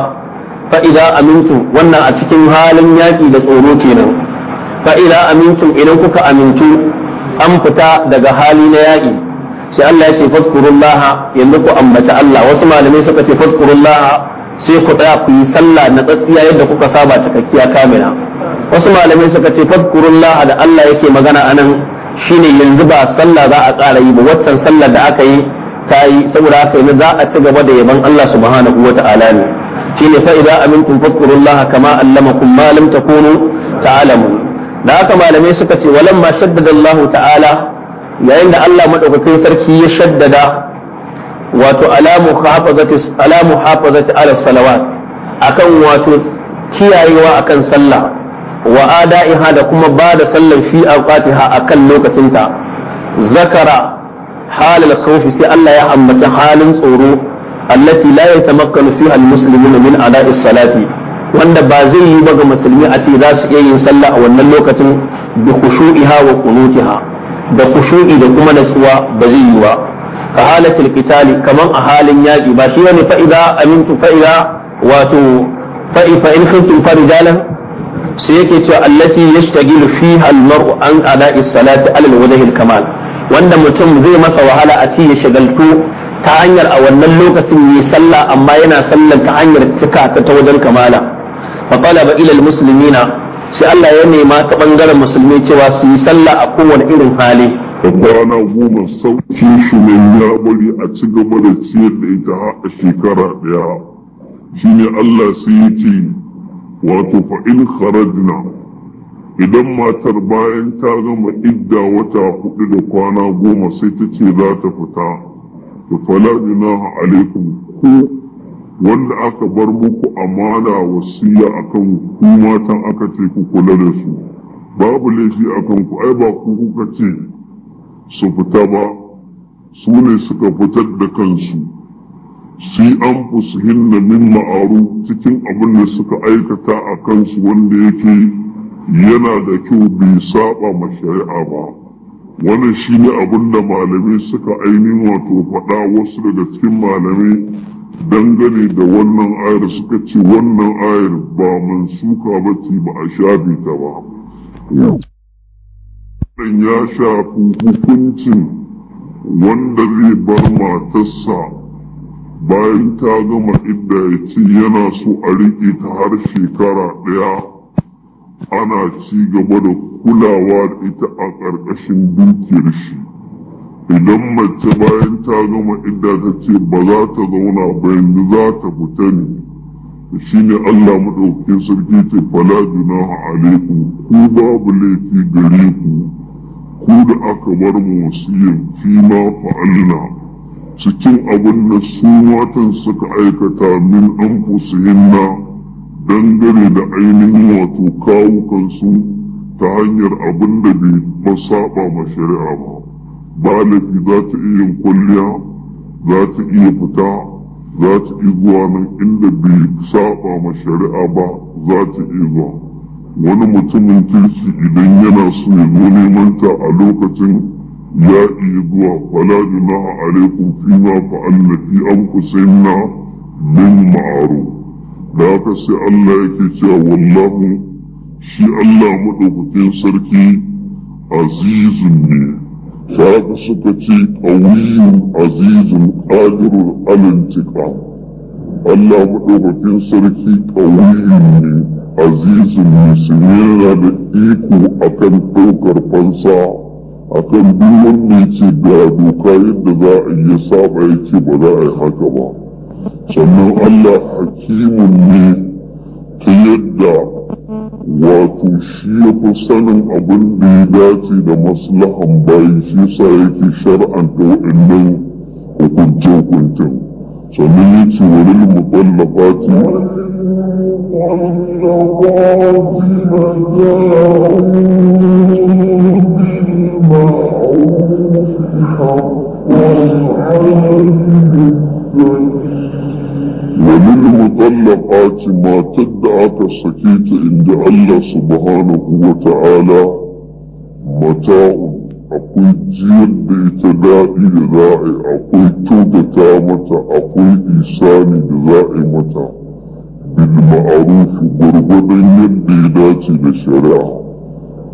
[SPEAKER 1] fa idza amintu wannan a cikin halin yaƙi da tsoro kenan fa ila idan kuka amintu an fita daga hali na yaƙi sai Allah ya ce fadkurullaha yanzu ku ambaci Allah wasu malamai suka ce fadkurullaha sai ku tsaya ku sallah na tsatsiya yadda kuka saba cikakkiya kamila wasu malamai suka ce fadkurullaha da Allah yake magana anan shine yanzu ba sallah za a tsara yi ba waccan sallah da aka yi ta yi saboda haka yanzu za a ci gaba da yaban Allah subhanahu wata'ala ne shine fa'ida idza aminkum fadkurullaha kama allamakum ta, lam takunu ta'lamun da haka malamai suka ce ma shaddada Allah ta'ala yayin da Allah madaukakin sarki ya shaddada wato alamu hafazati alamu hafazati ala salawat akan wato kiyayewa akan sallah wa ada'iha da kuma ba da sallar fi awqatiha akan lokacinta zakara halal khawfi sai Allah ya ambaci halin tsoro allati la yatamakkanu fiha almuslimuna min ada'i salati wanda ba zai yi ba ga musulmi a ce za su iya yin sallah a wannan lokacin bi khushu'iha wa qunutiha da khushu'i da kuma natsuwa ba zai yi ba ka halatul qitali kaman a halin yaki ba shi wani fa'ida amintu fa'ida wato fa'i fa in kuntum farijalan sai yake cewa allati yastagilu fiha al-mar'u an ada'i salati ala al-wajhi al-kamal wanda mutum zai masa wahala a ce ya shagaltu ta hanyar a wannan lokacin yi sallah amma yana sallar ta hanyar cika ta ta wajen kamala ba talaba Musulmi na, sai Allah ya nema ta bangaren musulmi cewa su yi sallah a kowane irin hali kwana goma
[SPEAKER 2] sauki shi ne ya bari a ci gaba da ciyar da ita a shekara daya shine Allah sai ya ce wato fa in kharajna idan matar bayan ta gama idda wata hudu da kwana goma sai ta ce za ta fita to fala junaha alaikum ku wanda aka bar muku amana wasiya akan ku matan aka ce ku kula da su babu laifi akan ku ai ba ku kuka ce su fita ba su ne suka fitar da kansu shi an fusuhin na min ma'aru cikin abin da suka aikata a kansu wanda yake yana da kyau bai saba ma shari'a ba wannan shi ne abin da malamai suka ainihin wato faɗa wasu daga cikin malamai dangane da wannan ayar suka ce wannan ayar ba suka ba ce ba a shafe ta ba Wannan ya shafi hukuncin wanda zai bar matarsa bayan ta gama idda ya ce yana so a riƙe ta har shekara ɗaya ana ci gaba da kulawa ita a ƙarƙashin dukiyar shi idan mace bayan ta gama idda ta ce ba za ta zauna ba yanzu za ta fita ne shi ne Allah maɗauki sarki ce fala a alaiku. ku babu laifi gare ku ku da aka bar mu wasiyan fi ma fa'alina cikin abin da su matan suka aikata min an fusihinna dangane da ainihin wato kawukansu ta hanyar abin da bai masaba ma shari'a ba ba za ta iya yin kwalliya za ta iya fita za ta iya zuwa nan inda bai saba ma shari'a ba za ta iya zuwa wani mutumin kirki idan yana so ya zo neman ta a lokacin ya iya zuwa fala junaha alaikum fi ma fa'alna fi na min ma'aru. da haka sai Allah yake cewa wallahu shi Allah maɗaukakin sarki azizun ne فأبا سكتي قوي عزيز قادر على الانتقام الله مدوكتين سركي قوي عزيز مسنينا لإيكو أكن توكر فنسا أكن دون ميتي بادو قايد دا يصاب عيتي بدائي حكما sannan Allah hakimun ne ta yadda wato shi ya fi sanin abin da ya dace da maslahan bayi shi sa yake shar'anta waɗannan hukunce-hukuncen sannan ya ce wani mutallafati والعمر بالدنيا ومن مطلقات ما تدعى سكيت عند الله سبحانه وتعالى متاع أقول بيت بإتداء إلى أقول توبة متى أقول إيسان لذائي متى بالمعروف بربدا يبينات بشرع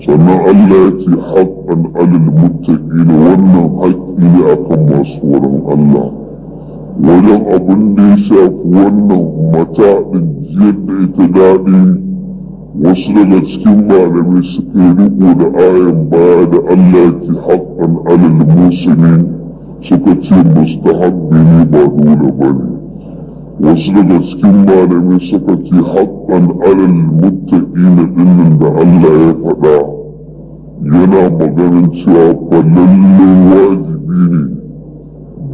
[SPEAKER 2] سنع الله حقا على المتقين إلى حقا لأكم الله wajen abin da ya shafi wannan mata ɗin yadda ita daɗi wasu daga cikin malamai suka yi da ayan baya da Allah ke haƙƙan alal musulmi suka ce mustahabbi ne ba dole ba ne wasu daga cikin malamai suka ce haƙƙan alal muttaƙi na ɗinnan da Allah ya faɗa yana maganin cewa fa lallai wajibi ne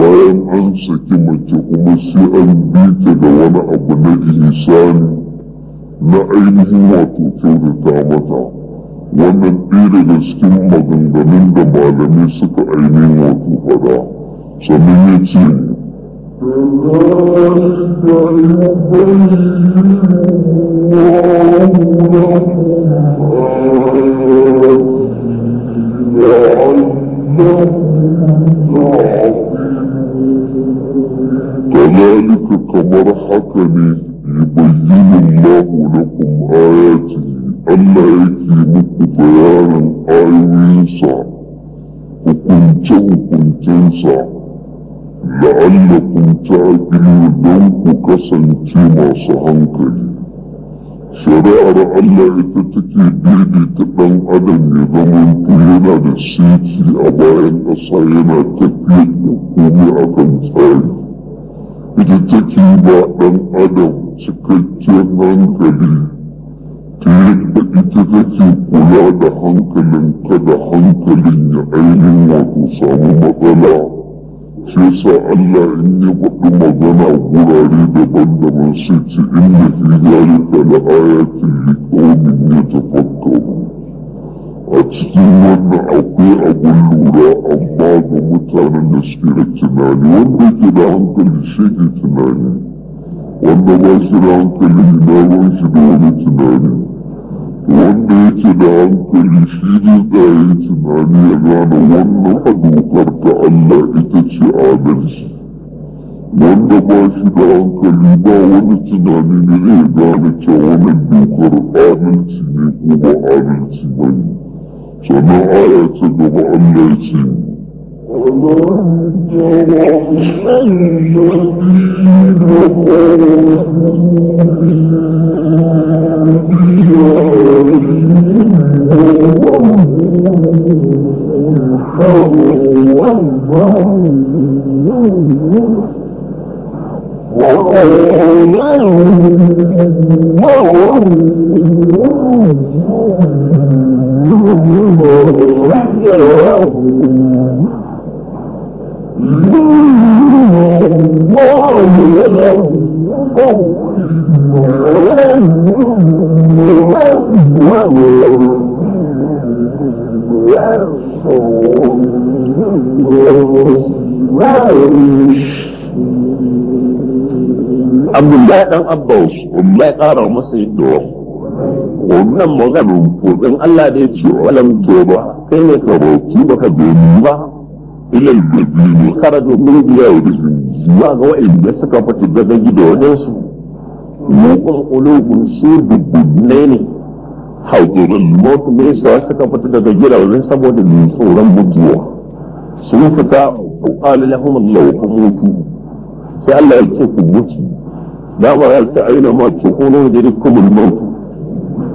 [SPEAKER 2] bayan an saki mace kuma sai an bi ta da wani abu na ihsani na ainihin wato kyautata mata wannan ɗaya daga cikin maganganun da malamai suka ainihin wato fada sannan ya ce لعلهم يعلمون وكذلك كما رحكني يبين الله لكم آياته ألا يكلمك بيانا آيوينسا وكنته كنتنسا لعلكم تعقلوا لوك كسنتي ما سهنكني شرع لعل يتتكي بيدي تقن أدم يضمن طينا دسيتي أبا أن أصينا تكيد يقومي أكن تاريخ da take ba ɗan adam cikakken hankali ta yadda ita take kula da hankalin kada hankalin ya ainihin wato samu matsala shi sa Allah in ya faɗi magana gurare daban-daban sai ce inna fi zalika la ayatin liqaumin yatafakkarun a cikin wannan akwai abun lura amma ga mutanen da suke da tunani wanda ke da hankali shi ke tunani wanda ba shi da hankali na ban shi da wani tunani wanda yake da hankali shi ne da ya yi tunani ya gane wannan a ta Allah ita ce adalci wanda ba shi da hankali ba wani tunani ne zai gane cewa wannan dokar adalci ne ko ba adalci ba ne sannan aya ta gaba Allah ya ce وَأَنَا أم الله أم أبوه
[SPEAKER 1] أم الله قارن مصير دوم wannan maganin kotsin Allah
[SPEAKER 2] da ya ce walam toba kai ne ka roki baka domin ba ilal gabini kharaju min diyarihim zuwa ga wa'inda suka fata daga gidajensu muqul qulubun su dubbunai haudurin motu ne
[SPEAKER 1] suka fata daga gidajen saboda mun tsoron mutuwa sun fita qala lahum Allah ku mutu sai Allah ya ce ku mutu da ba ya ta aina ma ku kono da rikumul mutu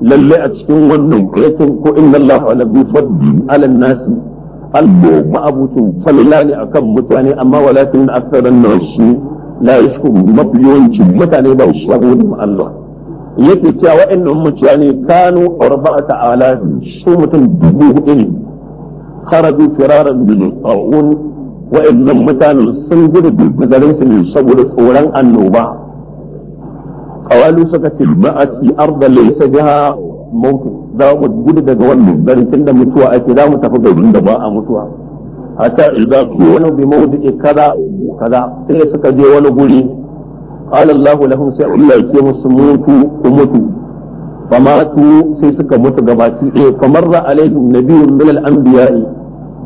[SPEAKER 1] lalle a cikin wannan kayakin ko inna Allah ala bi fadli ala nas albo ma'abutun falala ne kan mutane amma walakin aktharan nashi la yashku mafiyawancin mutane ba su shago da Allah yake cewa wa'annan mutane kanu arba'ata alaf su mutum dubu hudu ne kharaju firaran bil qawun wa'annan mutanen sun gudu garin su ne saboda tsoron annoba qawalu suka ce ba'ati arda laysa biha mautu za mu gudu daga wannan garin da mutuwa ake za mu tafi garin da ba a mutuwa hatta idza wani bi mawdi'i kaza kaza sai suka je wani guri qala Allahu lahum sai Allah ya musu mutu ku mutu famatu sai suka mutu gabaki ɗaya kamar ra alaihim nabiyyun min al-anbiya'i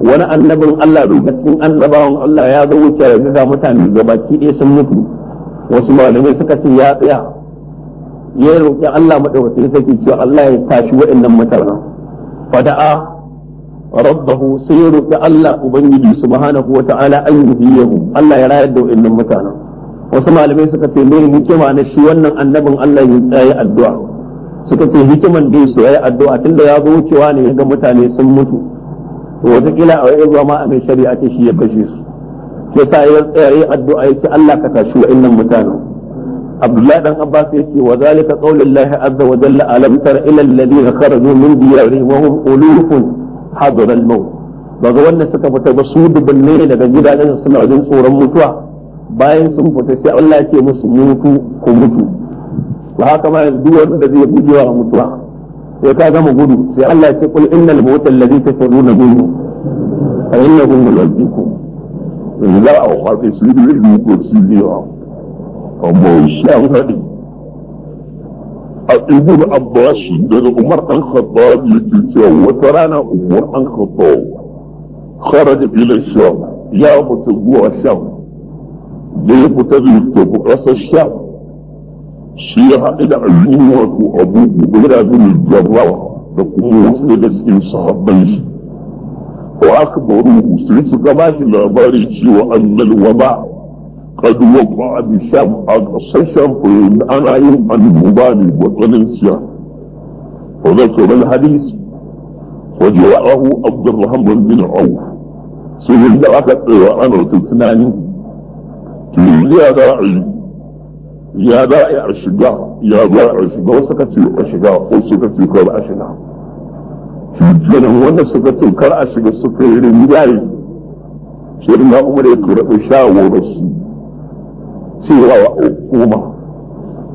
[SPEAKER 1] wani annabin Allah daga cikin annabawan Allah ya zo wuce daga mutane gabaki ɗaya sun mutu wasu malamai suka ce ya tsaya ya roƙi Allah madaukakin sarki cewa Allah ya tashi waɗannan mutanen fada'a rabbahu sai ya roƙi Allah ubangiji subhanahu wata'ala an yuhiyahu Allah ya rayar da waɗannan mutanen wasu malamai suka ce mai hikima na shi wannan annabin Allah ya tsaye addu'a suka ce hikiman da su yayi addu'a tunda ya zo wucewa ne ga mutane sun mutu to wataƙila a wani ma a mai shari'a ce shi ya kashe su sa ya tsaye addu'a ya ce Allah ka tashi waɗannan mutanen abdullahi dan abbas yace wa zalika qaulullahi azza wa jalla alam tara ila alladhina kharaju min diyarihim wa hum ulufun hadar al-maut wanda suka fita ba su dubanne daga gidajen suna jin tsoron mutuwa bayan sun fita sai Allah ya ce musu mutu ku mutu ba haka ma yanzu duk wanda zai gujewa mutuwa sai ka gama gudu sai Allah ya ce kul za
[SPEAKER 2] a da ọmọ iṣẹ́ àwọn ni ibn abbas daga umar dan khattab yake cewa wata rana umar dan khattab kharaja ila sham ya fita zuwa sham da ya fita zai tafi ƙasar sham shi ya haɗu da ainihin wato abu guda bin jarrawa da kuma wasu daga cikin sahabban shi wa aka bari sai su gaba shi labari cewa annal waba قد وقع بسبب الغنائم عن المضارب والغنسية وذكر الحديث وجاءه عبد الرحمن بن عوف سيد دعاك وانا تتناني يا داعي يا داعي الشجاع يا داعي
[SPEAKER 1] الشجاع وسكتي الشجاع وسكتي كل الشجاع kenan wanda suka tunkar a shiga suka yi rinjaye shirin na umar ya cewa wa umma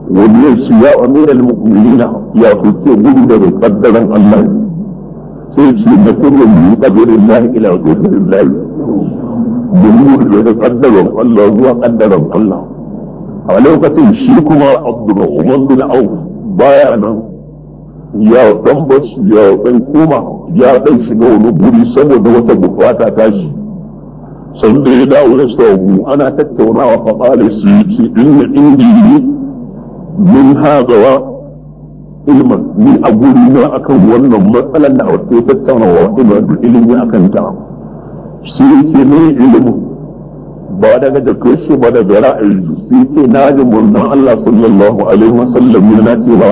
[SPEAKER 1] wani ya ce ya amiral mu'minina ya ku ce gudu da kaddaran Allah sai ce da kullu min qadarin Allah ila qadarin Allah gudu daga kaddaran Allah
[SPEAKER 2] zuwa kaddaran Allah a lokacin shi kuma Abdurrahman bin Auf baya nan ya dan bas ya dan koma ya dan shiga wani guri saboda wata bukata ta shi sanda ya dawo na shagu ana
[SPEAKER 1] tattaunawa faɗaɗa su yi ce inna indi ne min hazawa ilman ni a guri na akan wannan matsalar da ake tattaunawa ilman ilimi akan ta su yi ce ne ilimin ba daga da kashe ba daga ra'ayi su yi ce na ji murnan Allah sallallahu alaihi wasallam yana cewa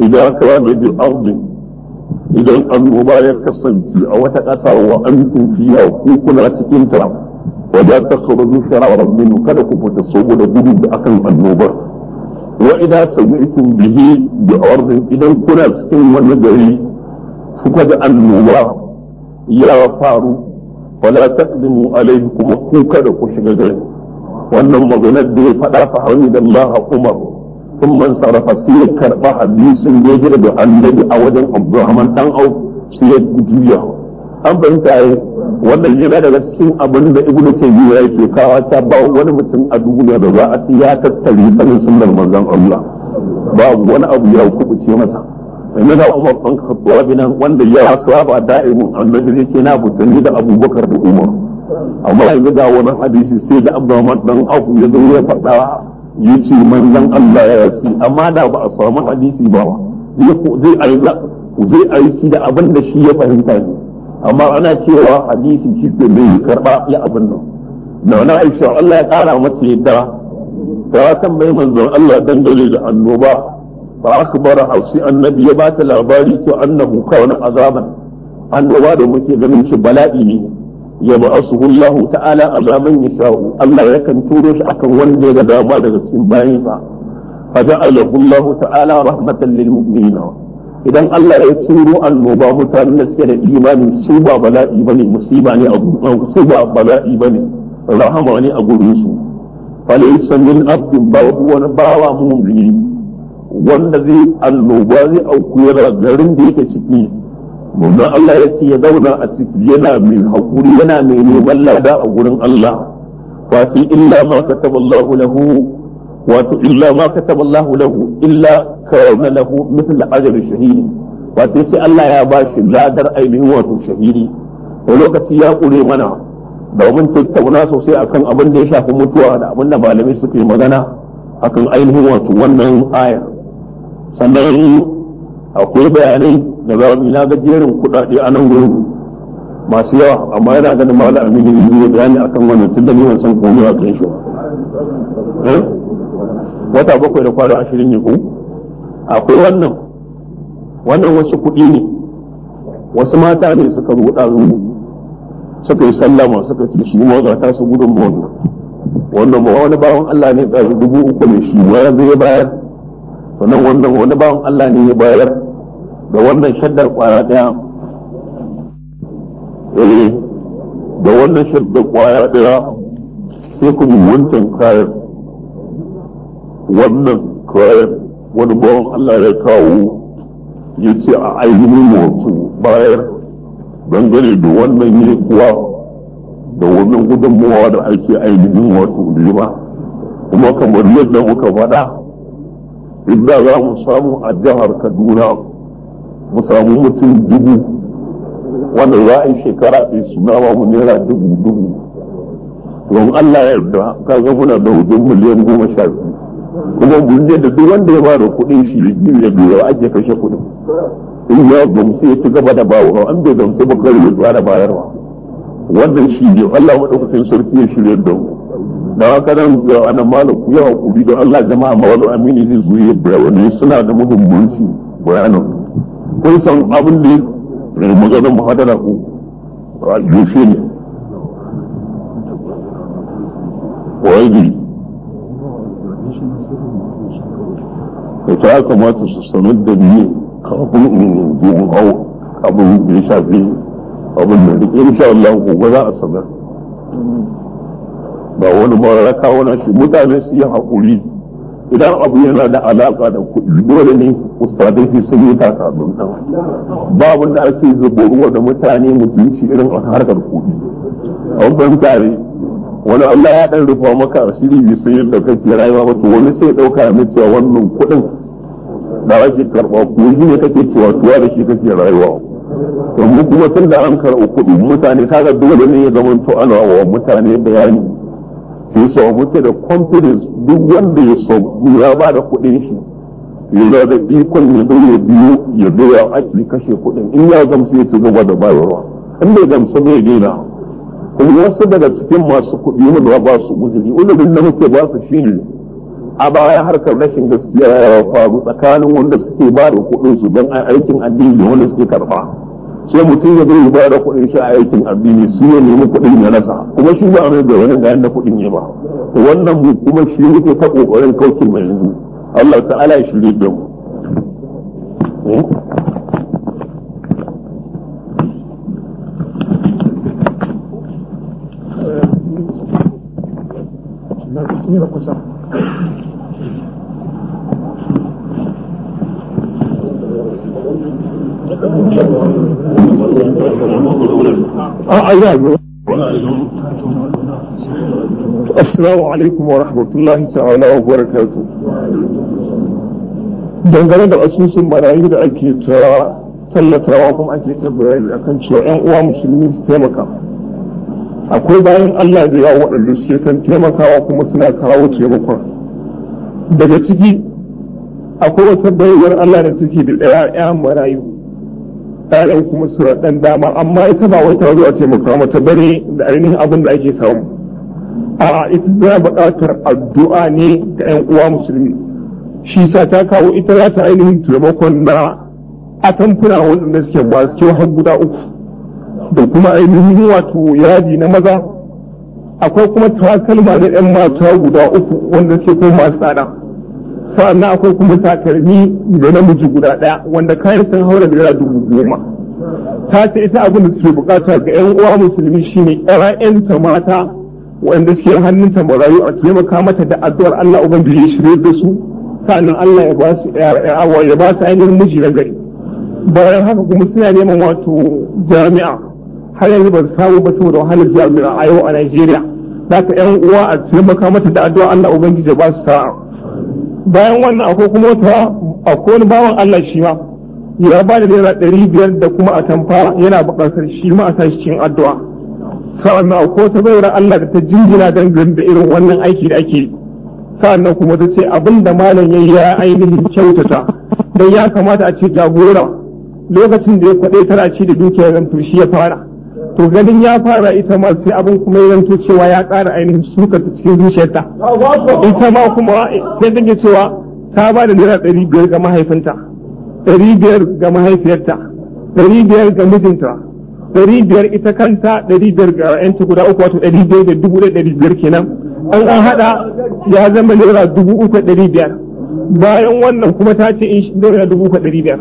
[SPEAKER 1] idan ka rame bi ardin idan annoba ya kasance a wata ƙasa wa an fiya ko kuna cikin ta wadda ta tsoro min shara rabbinu kada ku fita saboda gudu da akan annobar wa idan sami'tum bihi bi ardin idan kuna cikin wani gari kuka da annoba ya faru wala taqdimu alaihi kuma ku kada ku shiga garin wannan maganar da ya faɗa fa hawani da Allah Umar sun man sarrafa sai ya karɓa hadisin da ya jira da annabi a wajen abdurrahman dan au su ya juya an fahimta yi wannan yana daga cikin abin da ibnu taymiya yake kawo ta ba wani mutum a duniya da za a ci ya tattare sanin sunnar manzon Allah ba wani abu ya ce masa Ina da umar ɗan khattab nan wanda ya saba da'imin annabi zai ce na fitanni da abubakar da umar amma yanzu ga wani hadisi sai da abdurrahman ɗan abu ya zo ya faɗa yace ce manzan Allah ya ce amma da ba a samu hadisi ba zai aiki da abin da shi ya fahimta ne amma ana cewa hadisi shi ke bai karba ya abin nan da wani aisha Allah ya kara mata yadda ta kan mai manzan Allah dangane da annoba ba akbara hausi annabi ya ta labari to annabu kawana azaban annoba da muke ganin shi bala'i ne ya ba'asuhu Allah ta'ala ala man yasha'u Allah yakan turo shi akan wanda ya ga dama daga cikin bayansa fa ja'alahu Allah ta'ala rahmatan lil mu'minin idan Allah ya turo annoba mutanen da suke da imani su ba bala'i bane musiba ne a gurin su ba bala'i bane rahama ne a gurin su fa min abdin ba wani bawa mu'mini wanda zai annoba zai auku garin da yake ciki manzon Allah ya ce ya zauna a ciki yana mai haƙuri yana mai neman lada a gurin Allah wato illa ma kataba Allah lahu wato illa ma kataba Allah lahu illa karama lahu mithl ajri shahidi wato sai Allah ya ba shi ladar ainihin wato shahidi a lokaci ya ƙure mana domin tattauna sosai akan abin da ya shafi mutuwa da abin da malamai suke magana akan ainihin wato wannan aya sannan akwai bayanai da za mu na ga jerin kuɗaɗe a nan gurin masu yawa amma yana ganin ma mala amini ne zai bayani akan wannan tun da ni ban san komai a kan shi eh? wata bakwai da kwana ashirin ne ko akwai wannan wannan wasu kuɗi ne wasu mata ne suka ruɗa zuwa suka yi sallama suka ce su mawazata su gudun wannan wannan ba wani bawan Allah ne ɗari dubu uku ne shi ya zai bayar sannan wannan wani bawan Allah ne ya bayar da wannan shaddar kwaya daya eh, da wannan shaddar kwaya daya
[SPEAKER 2] sai yi wancan kayan wannan kayan wani bawan Allah ya kawo ya ce a ainihin mutum bayar
[SPEAKER 1] dangane da wannan yi kuwa da wannan gudunmawa da ake ainihin wato nema kuma kamar yadda muka faɗa inda za mu samu a jihar kaduna mu samu mutum dubu wanda za a yi shekara ɗaya su wa mu nera dubu dubu don Allah ya yarda ga muna da hudun miliyan goma sha biyu kuma gurje da duk wanda ya ba da kuɗin shi da biyu ya biyu ake kashe kuɗin in ya gamsu ya ci gaba da ba wa an bai gamsu ba kare ya da bayarwa wannan shi ne Allah madaukakin sarki ya shirya da mu da haka nan ga wani malam ku yawa kuri don Allah jama'a wani amini zai zuye wani suna da muhimmanci bayanan kun san abin da ya maganin mahadara ko
[SPEAKER 2] a yushe ne wai giri ita ya kamata
[SPEAKER 1] su sanar da biyu kafin in zo hau abin da ya shafi abin da duk insha Allah gobe za a sanar ba wani mararaka wani shi mutane su yi haƙuri idan abu yana da alaka da kuɗi dole ne ustadai sun yi taka zunta babu da ake zuboruwa da mutane mutunci irin a harkar kuɗi a wannan tare wani Allah ya dan rufa maka asiri bai san yadda kake rayuwa ba to wani sai ya dauka mai cewa wannan kuɗin da ake karɓa ko ne kake cewa tuwa da shi kake rayuwa to mu kuma tun da an karɓa kuɗi mutane kaga dole ne ya zama to ana wa mutane bayani sai sa muke da confidence duk wanda ya sau ya ba da kuɗin shi yana da ikon ya zo ya biyo ya zo ya aiki kashe kuɗin in ya gamsu ya ci gaba da bayarwa in bai gamsu zai daina kuma wasu daga cikin masu kuɗi wanda ba su uzuri uzurin da muke ba su shi ne a baya harkar rashin gaskiya ya faru tsakanin wanda suke ba da kuɗin su don aikin addini wanda suke karɓa sai mutum ya zai ba da kuɗin shi a aikin addini su ne nemi kuɗin ya rasa kuma shi ba mai da wani gayan da kuɗin ya ba to wannan kuma shi yake ta kokarin kauce mai yanzu Allah ta'ala ya shirye da mu eh? na kusa Assalamu alaikum wa rahmatullahi ta'ala wa barakatu. Dangane da asusun marayu da ake tallata wa kuma ake ta bayani akan cewa 'yan uwa musulmi su taimaka. Akwai bayan Allah da yawa waɗanda suke kan taimakawa kuma suna kawo taimakon. Daga ciki akwai wata bayuwar Allah da take da 'ya'ya marayu. ƴaƴan kuma su ɗan dama amma ita ba wai ta a taimaka mata bari da ainihin abin da ake samu a ita tana buƙatar addu'a ne ga 'yan uwa musulmi shi sa ta kawo ita za ta ainihin taimakon na atamfuna waɗanda suke ba su har guda uku da kuma ainihin wato yadi na maza akwai kuma takalma da 'yan mata guda uku wanda suke kuma masu tsada sa'annan akwai kuma takalmi da namiji guda ɗaya wanda kayan sun haura naira dubu goma ta ce ita abin da suke bukata ga yan uwa musulmi shine ƴaƴanta mata wanda suke hannunta marayu a taimaka mata da addu'ar Allah ubangiji ya shirye da su sa'annan Allah ya ba su ya ba su ainihin miji na gari bayan haka kuma suna neman wato jami'a har yanzu ba su samu ba saboda wahalar jami'a a yau a Najeriya da ka yan uwa a taimaka mata da addu'ar Allah ubangiji ya ba su sa'a bayan wannan akwai kuma wata akwai wani bawan Allah shi ma ya ba da naira ɗari biyar da kuma a tamfa yana buƙatar shi ma a sa shi cikin addu'a sa'annan akwai wata bayar Allah da ta jingina dangane da irin wannan aiki da ake sa'annan kuma ta ce abin da malam ya yi ya ainihin kyautata don ya kamata a ce jagora lokacin da ya kwaɗe tana ci da dukiyar zan to shi ya fara to ganin ya fara ita ma sai abin kuma ya zanto cewa ya ƙara ainihin suka ta cikin zuciyarta ita ma kuma sai take cewa ta ba da naira ɗari biyar ga mahaifinta ɗari biyar ga mahaifiyarta ɗari biyar ga mijinta ɗari biyar ita kanta ɗari biyar ga ƴanta guda uku wato ɗari biyar da dubu ɗari biyar kenan an an haɗa ya zama naira dubu uku ɗari biyar bayan wannan kuma ta ce in shi naira dubu uku ɗari biyar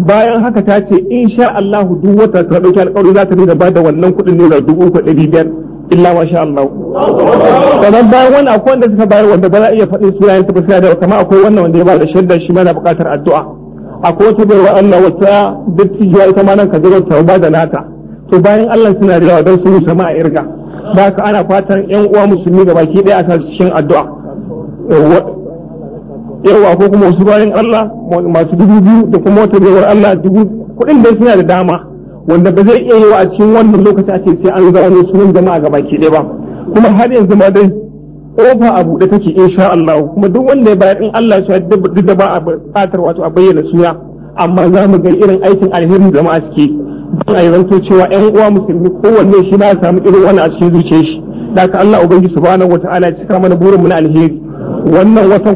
[SPEAKER 1] bayan haka ta ce in sha Allah duk wata ta dauki alƙawari za ta dinga bada wannan kuɗin ne naira dubu uku ɗari biyar illa ma sha Allah kamar bayan wannan akwai wanda suka bayar wanda ba za a iya faɗi sunayen su ba sai da kuma akwai wannan wanda ya ba da shaidar shi mana na buƙatar addu'a akwai wata bayarwa Allah wata dattijuwa ita ma nan ka ta ba da nata to bayan Allah suna da yawa don su wuce ma a irga ba ka ana fatan 'yan uwa musulmi gabaki ɗaya a cikin addu'a yawa ko kuma wasu bayan Allah masu dubu biyu da kuma wata biyar Allah dubu kuɗin da suna da dama wanda ba zai iya yawa a cikin wannan lokaci a ce sai an zaune sunan jama'a gaba ke ɗaya ba kuma har yanzu ma dai kofa a buɗe take insha Allah kuma duk wanda ya bayar in Allah ya duk da ba a buƙatar wato a bayyana suna amma za mu ga irin aikin alherin jama'a suke don a yi yanzu cewa ƴan uwa musulmi kowanne shi na samu irin wani a cikin zuciyar shi da Allah ubangiji subhanahu wataala ya cika mana burin mu na alheri wannan wasan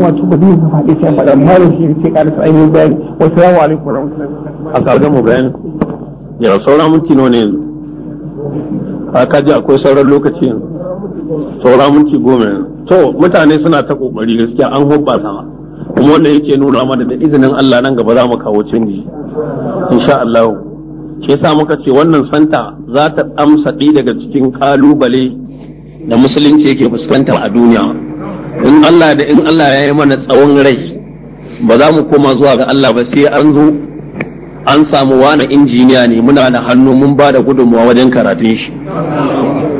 [SPEAKER 1] koma tuba biyu ka faɗi sai faɗa malam shi ke ƙara sa ainihin bayani wassalamu alaikum wa rahmatullahi a kaga mu bayani ya sauran minti nawa ne yanzu a kaji akwai sauran lokaci yanzu sauran minti goma yanzu to mutane suna ta kokari gaskiya an hoɓɓasa kuma wanda yake nuna mana da izinin Allah nan gaba za mu kawo canji insha Allah shi yasa muka ce wannan santa za ta amsa ɗaya daga cikin kalubale da musulunci yake fuskantar a duniya in Allah da in Allah ya yi mana tsawon rai ba za mu koma zuwa ga Allah ba sai an zo an samu wani injiniya ne muna da hannu mun ba da gudunmuwa wajen karatun shi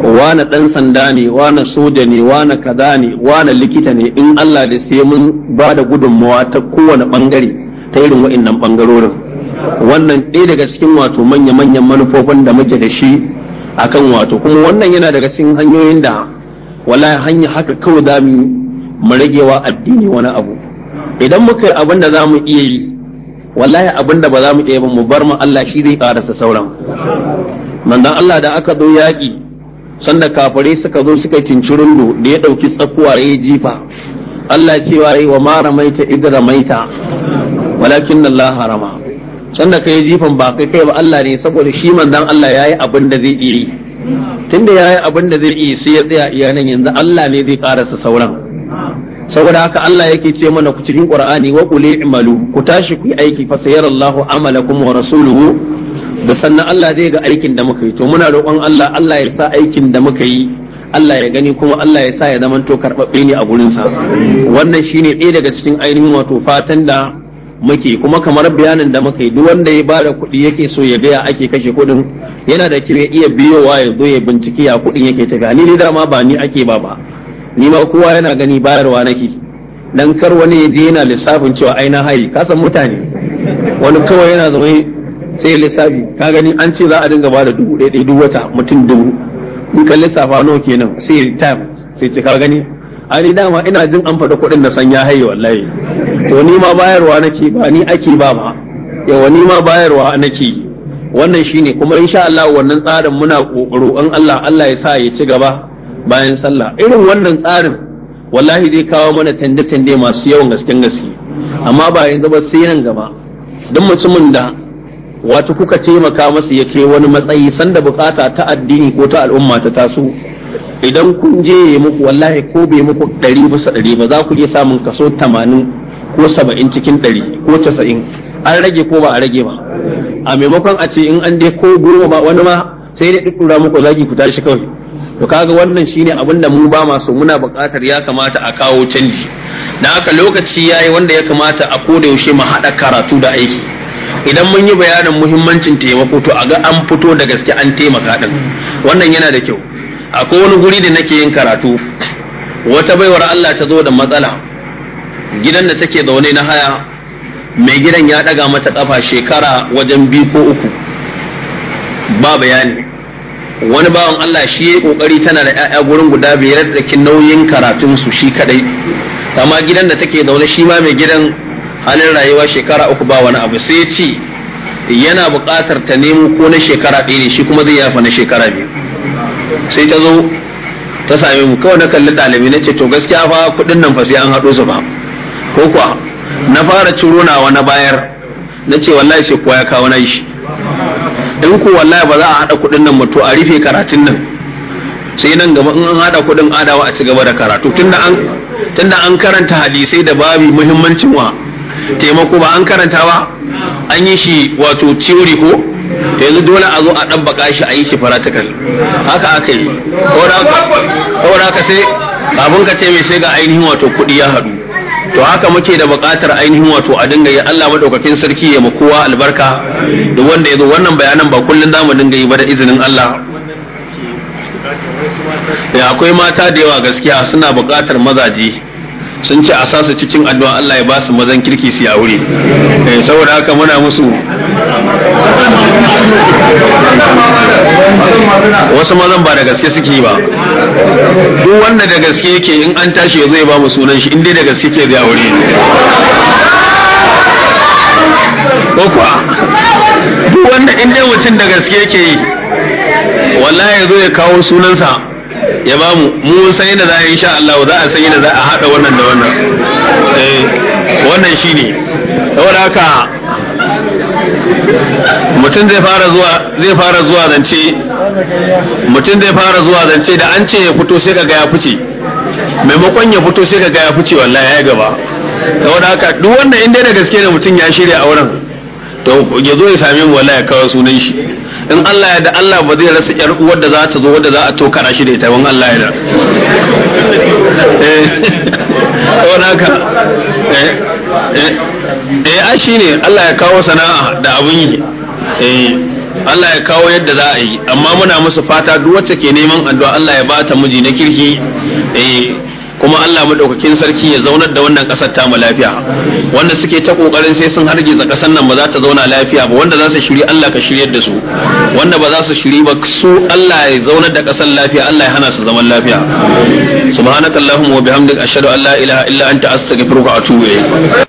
[SPEAKER 1] wani ɗan sanda ne wani soja ne wani kaza ne wani likita ne in Allah da sai mun ba da gudunmuwa ta kowane ɓangare ta irin wa'innan ɓangarorin wannan ɗaya daga cikin wato manya-manyan manufofin da muke da shi akan wato kuma wannan yana daga cikin hanyoyin da wallahi hanya haka kawai za mu mu ragewa addini wani abu idan muka yi abin za mu iya yi wallahi abin da ba za mu iya ba mu bar mu Allah shi zai karasa sauran mandan Allah da aka zo yaƙi sanda kafare suka zo suka cincirindo da ya ɗauki tsakuwa ya jifa Allah cewa yi wa ma ramaita idra maita walakin Allah harama sanda kai yi jifan ba kai kai ba Allah ne saboda shi mandan Allah ya yi abin da zai iri tunda ya yi abin da zai iya sai ya tsaya nan yanzu Allah ne zai su sauran saboda haka Allah yake ce mana ku cikin Qur'ani wa qul i'malu ku tashi ku yi aiki fa sayarallahu amalakum wa rasuluhu da sannan Allah zai ga aikin da muka yi to muna roƙon Allah Allah ya sa aikin da muka yi Allah ya gani kuma Allah ya sa ya zama to karɓaɓɓe ne a gurinsa wannan shine ɗaya daga cikin ainihin wato fatan da muke kuma kamar bayanin da muka yi duk wanda ya bada kuɗi yake so ya gaya ake kashe kuɗin yana da kyau iya iya wa ya zo ya bincike ya kudin yake tafiya ni ne dama ba ni ake ba ba ni ma kowa yana gani bayarwa nake dan kar wani ya je yana lissafin cewa ai na hayi ka san mutane wani kawai yana zaune sai lissafi ka gani an ce za a dinga bada dubu ɗaya ɗaya duk wata mutum dubu in ka lissafa nawa kenan sai time sai ce ka gani ai dama ina jin an faɗi kuɗin na san ya haye wallahi to ni ma bayarwa nake ba ni ake ba ba yawa ni ma bayarwa nake wannan shine kuma insha Allah wannan tsarin muna roƙon Allah Allah ya sa ya ci gaba bayan sallah irin wannan tsarin wallahi zai kawo mana tande-tande masu yawan gasken gaske amma ba yanzu ba sai nan gaba don mutumin da wata kuka taimaka masa ya kai wani matsayi sanda bukata ta addini ko ta al'umma ta taso idan kun je muku wallahi ko bai muku ɗari bisa ɗari ba za ku iya samun kaso tamanin ko saba'in cikin ɗari ko casa'in an rage ko ba a rage ba a maimakon a ce in an dai ko gurma ba wani ma sai dai dukura muku zaki ku tashi kawai to kaga wannan shine abin da mu ba masu muna buƙatar ya kamata a kawo canji dan haka lokaci yayi wanda ya kamata a koda yaushe mu haɗa karatu da aiki idan mun yi bayanin muhimmancin taimako to a ga an fito da gaske an taimaka din wannan yana da kyau akwai wani guri da nake yin karatu wata baiwar Allah ta zo da matsala gidan da take zaune na haya mai gidan ya ɗaga mata ƙafa shekara wajen biyu ko uku ba bayani wani bawan Allah shi ya kokari tana da ƴaƴa gurin guda biyar da nauyin karatunsu shi kadai amma gidan da take zaune shi ma mai gidan halin rayuwa shekara uku ba wani abu sai ce yana buƙatar ta nemo ko na shekara ɗaya ne shi kuma zai yafa na shekara biyu sai ta zo ta same mu kawai na kalli ɗalibi na ce to gaskiya fa kuɗin nan fa sai an haɗo su ba ko kuwa na fara ciro na bayar na ce wallahi sai kuwa ya kawo na shi in ku wallahi ba za a haɗa kuɗin nan mutu a rufe karatun nan sai nan gaba in an haɗa kuɗin adawa a ci gaba da karatu tunda an tunda an karanta hadisai da babi muhimmancin wa taimako ba an karanta ba an yi shi wato ciwuri ko yanzu dole a zo a ɗabbaka shi a yi shi practical haka aka yi da haka sai abin ka ce mai sai ga ainihin wato kuɗi ya haɗu to haka muke da buƙatar ainihin wato a dinga yi Allah madaukakin sarki ya kowa albarka duk wanda ya zo wannan bayanan ba kullun zamu dinga yi ba da izinin Allah ya akwai mata da yawa gaskiya suna buƙatar mazaje sun ce a sasu cikin addu'a Allah ya ba su mazan kirki su ya wuri eh, saboda haka muna musu wasu mazan ba da gaske suke ba duk wanda da gaske yake in an tashi ya zai ba mu sunan shi in dai da gaske ke zai aure ko kuwa duk wanda in dai mutum da gaske yake yi wallahi ya zo ya kawo sunansa ya ba mu mu san yadda za a yi insha Allah za a san yadda za a haɗa wannan da wannan eh wannan shine saboda haka mutum zai fara zuwa zai fara zuwa zance mutum zai fara zuwa zance da an ce ya fito sai kaga ya fice maimakon ya fito sai kaga ya fice wallahi ya gaba wanda haka duk wanda in dai da gaske ne mutum ya shirya auren to ya zo ya same mu wallahi ya kawo sunan shi in Allah ya da Allah ba zai rasa yar uwar da za ta zo wadda za a toka shi da ita wani Allah ya da eh wanda haka eh eh eh a shine Allah ya kawo sana'a da abun yi eh Allah ya kawo yadda za a yi amma muna musu fata duk wacce ke neman addu'a Allah ya bata miji na kirki eh kuma Allah madaukakin sarki ya zaunar da wannan kasar ta mu lafiya wanda suke ta kokarin sai sun hargiza kasar nan ba za ta zauna lafiya ba wanda za su shiri Allah ka shiryar da su wanda ba za su shiri ba su Allah ya zaunar da kasar lafiya Allah ya hana su zaman lafiya subhanakallahumma wa bihamdika ashhadu an la ilaha illa anta
[SPEAKER 2] astaghfiruka wa atubu ilayk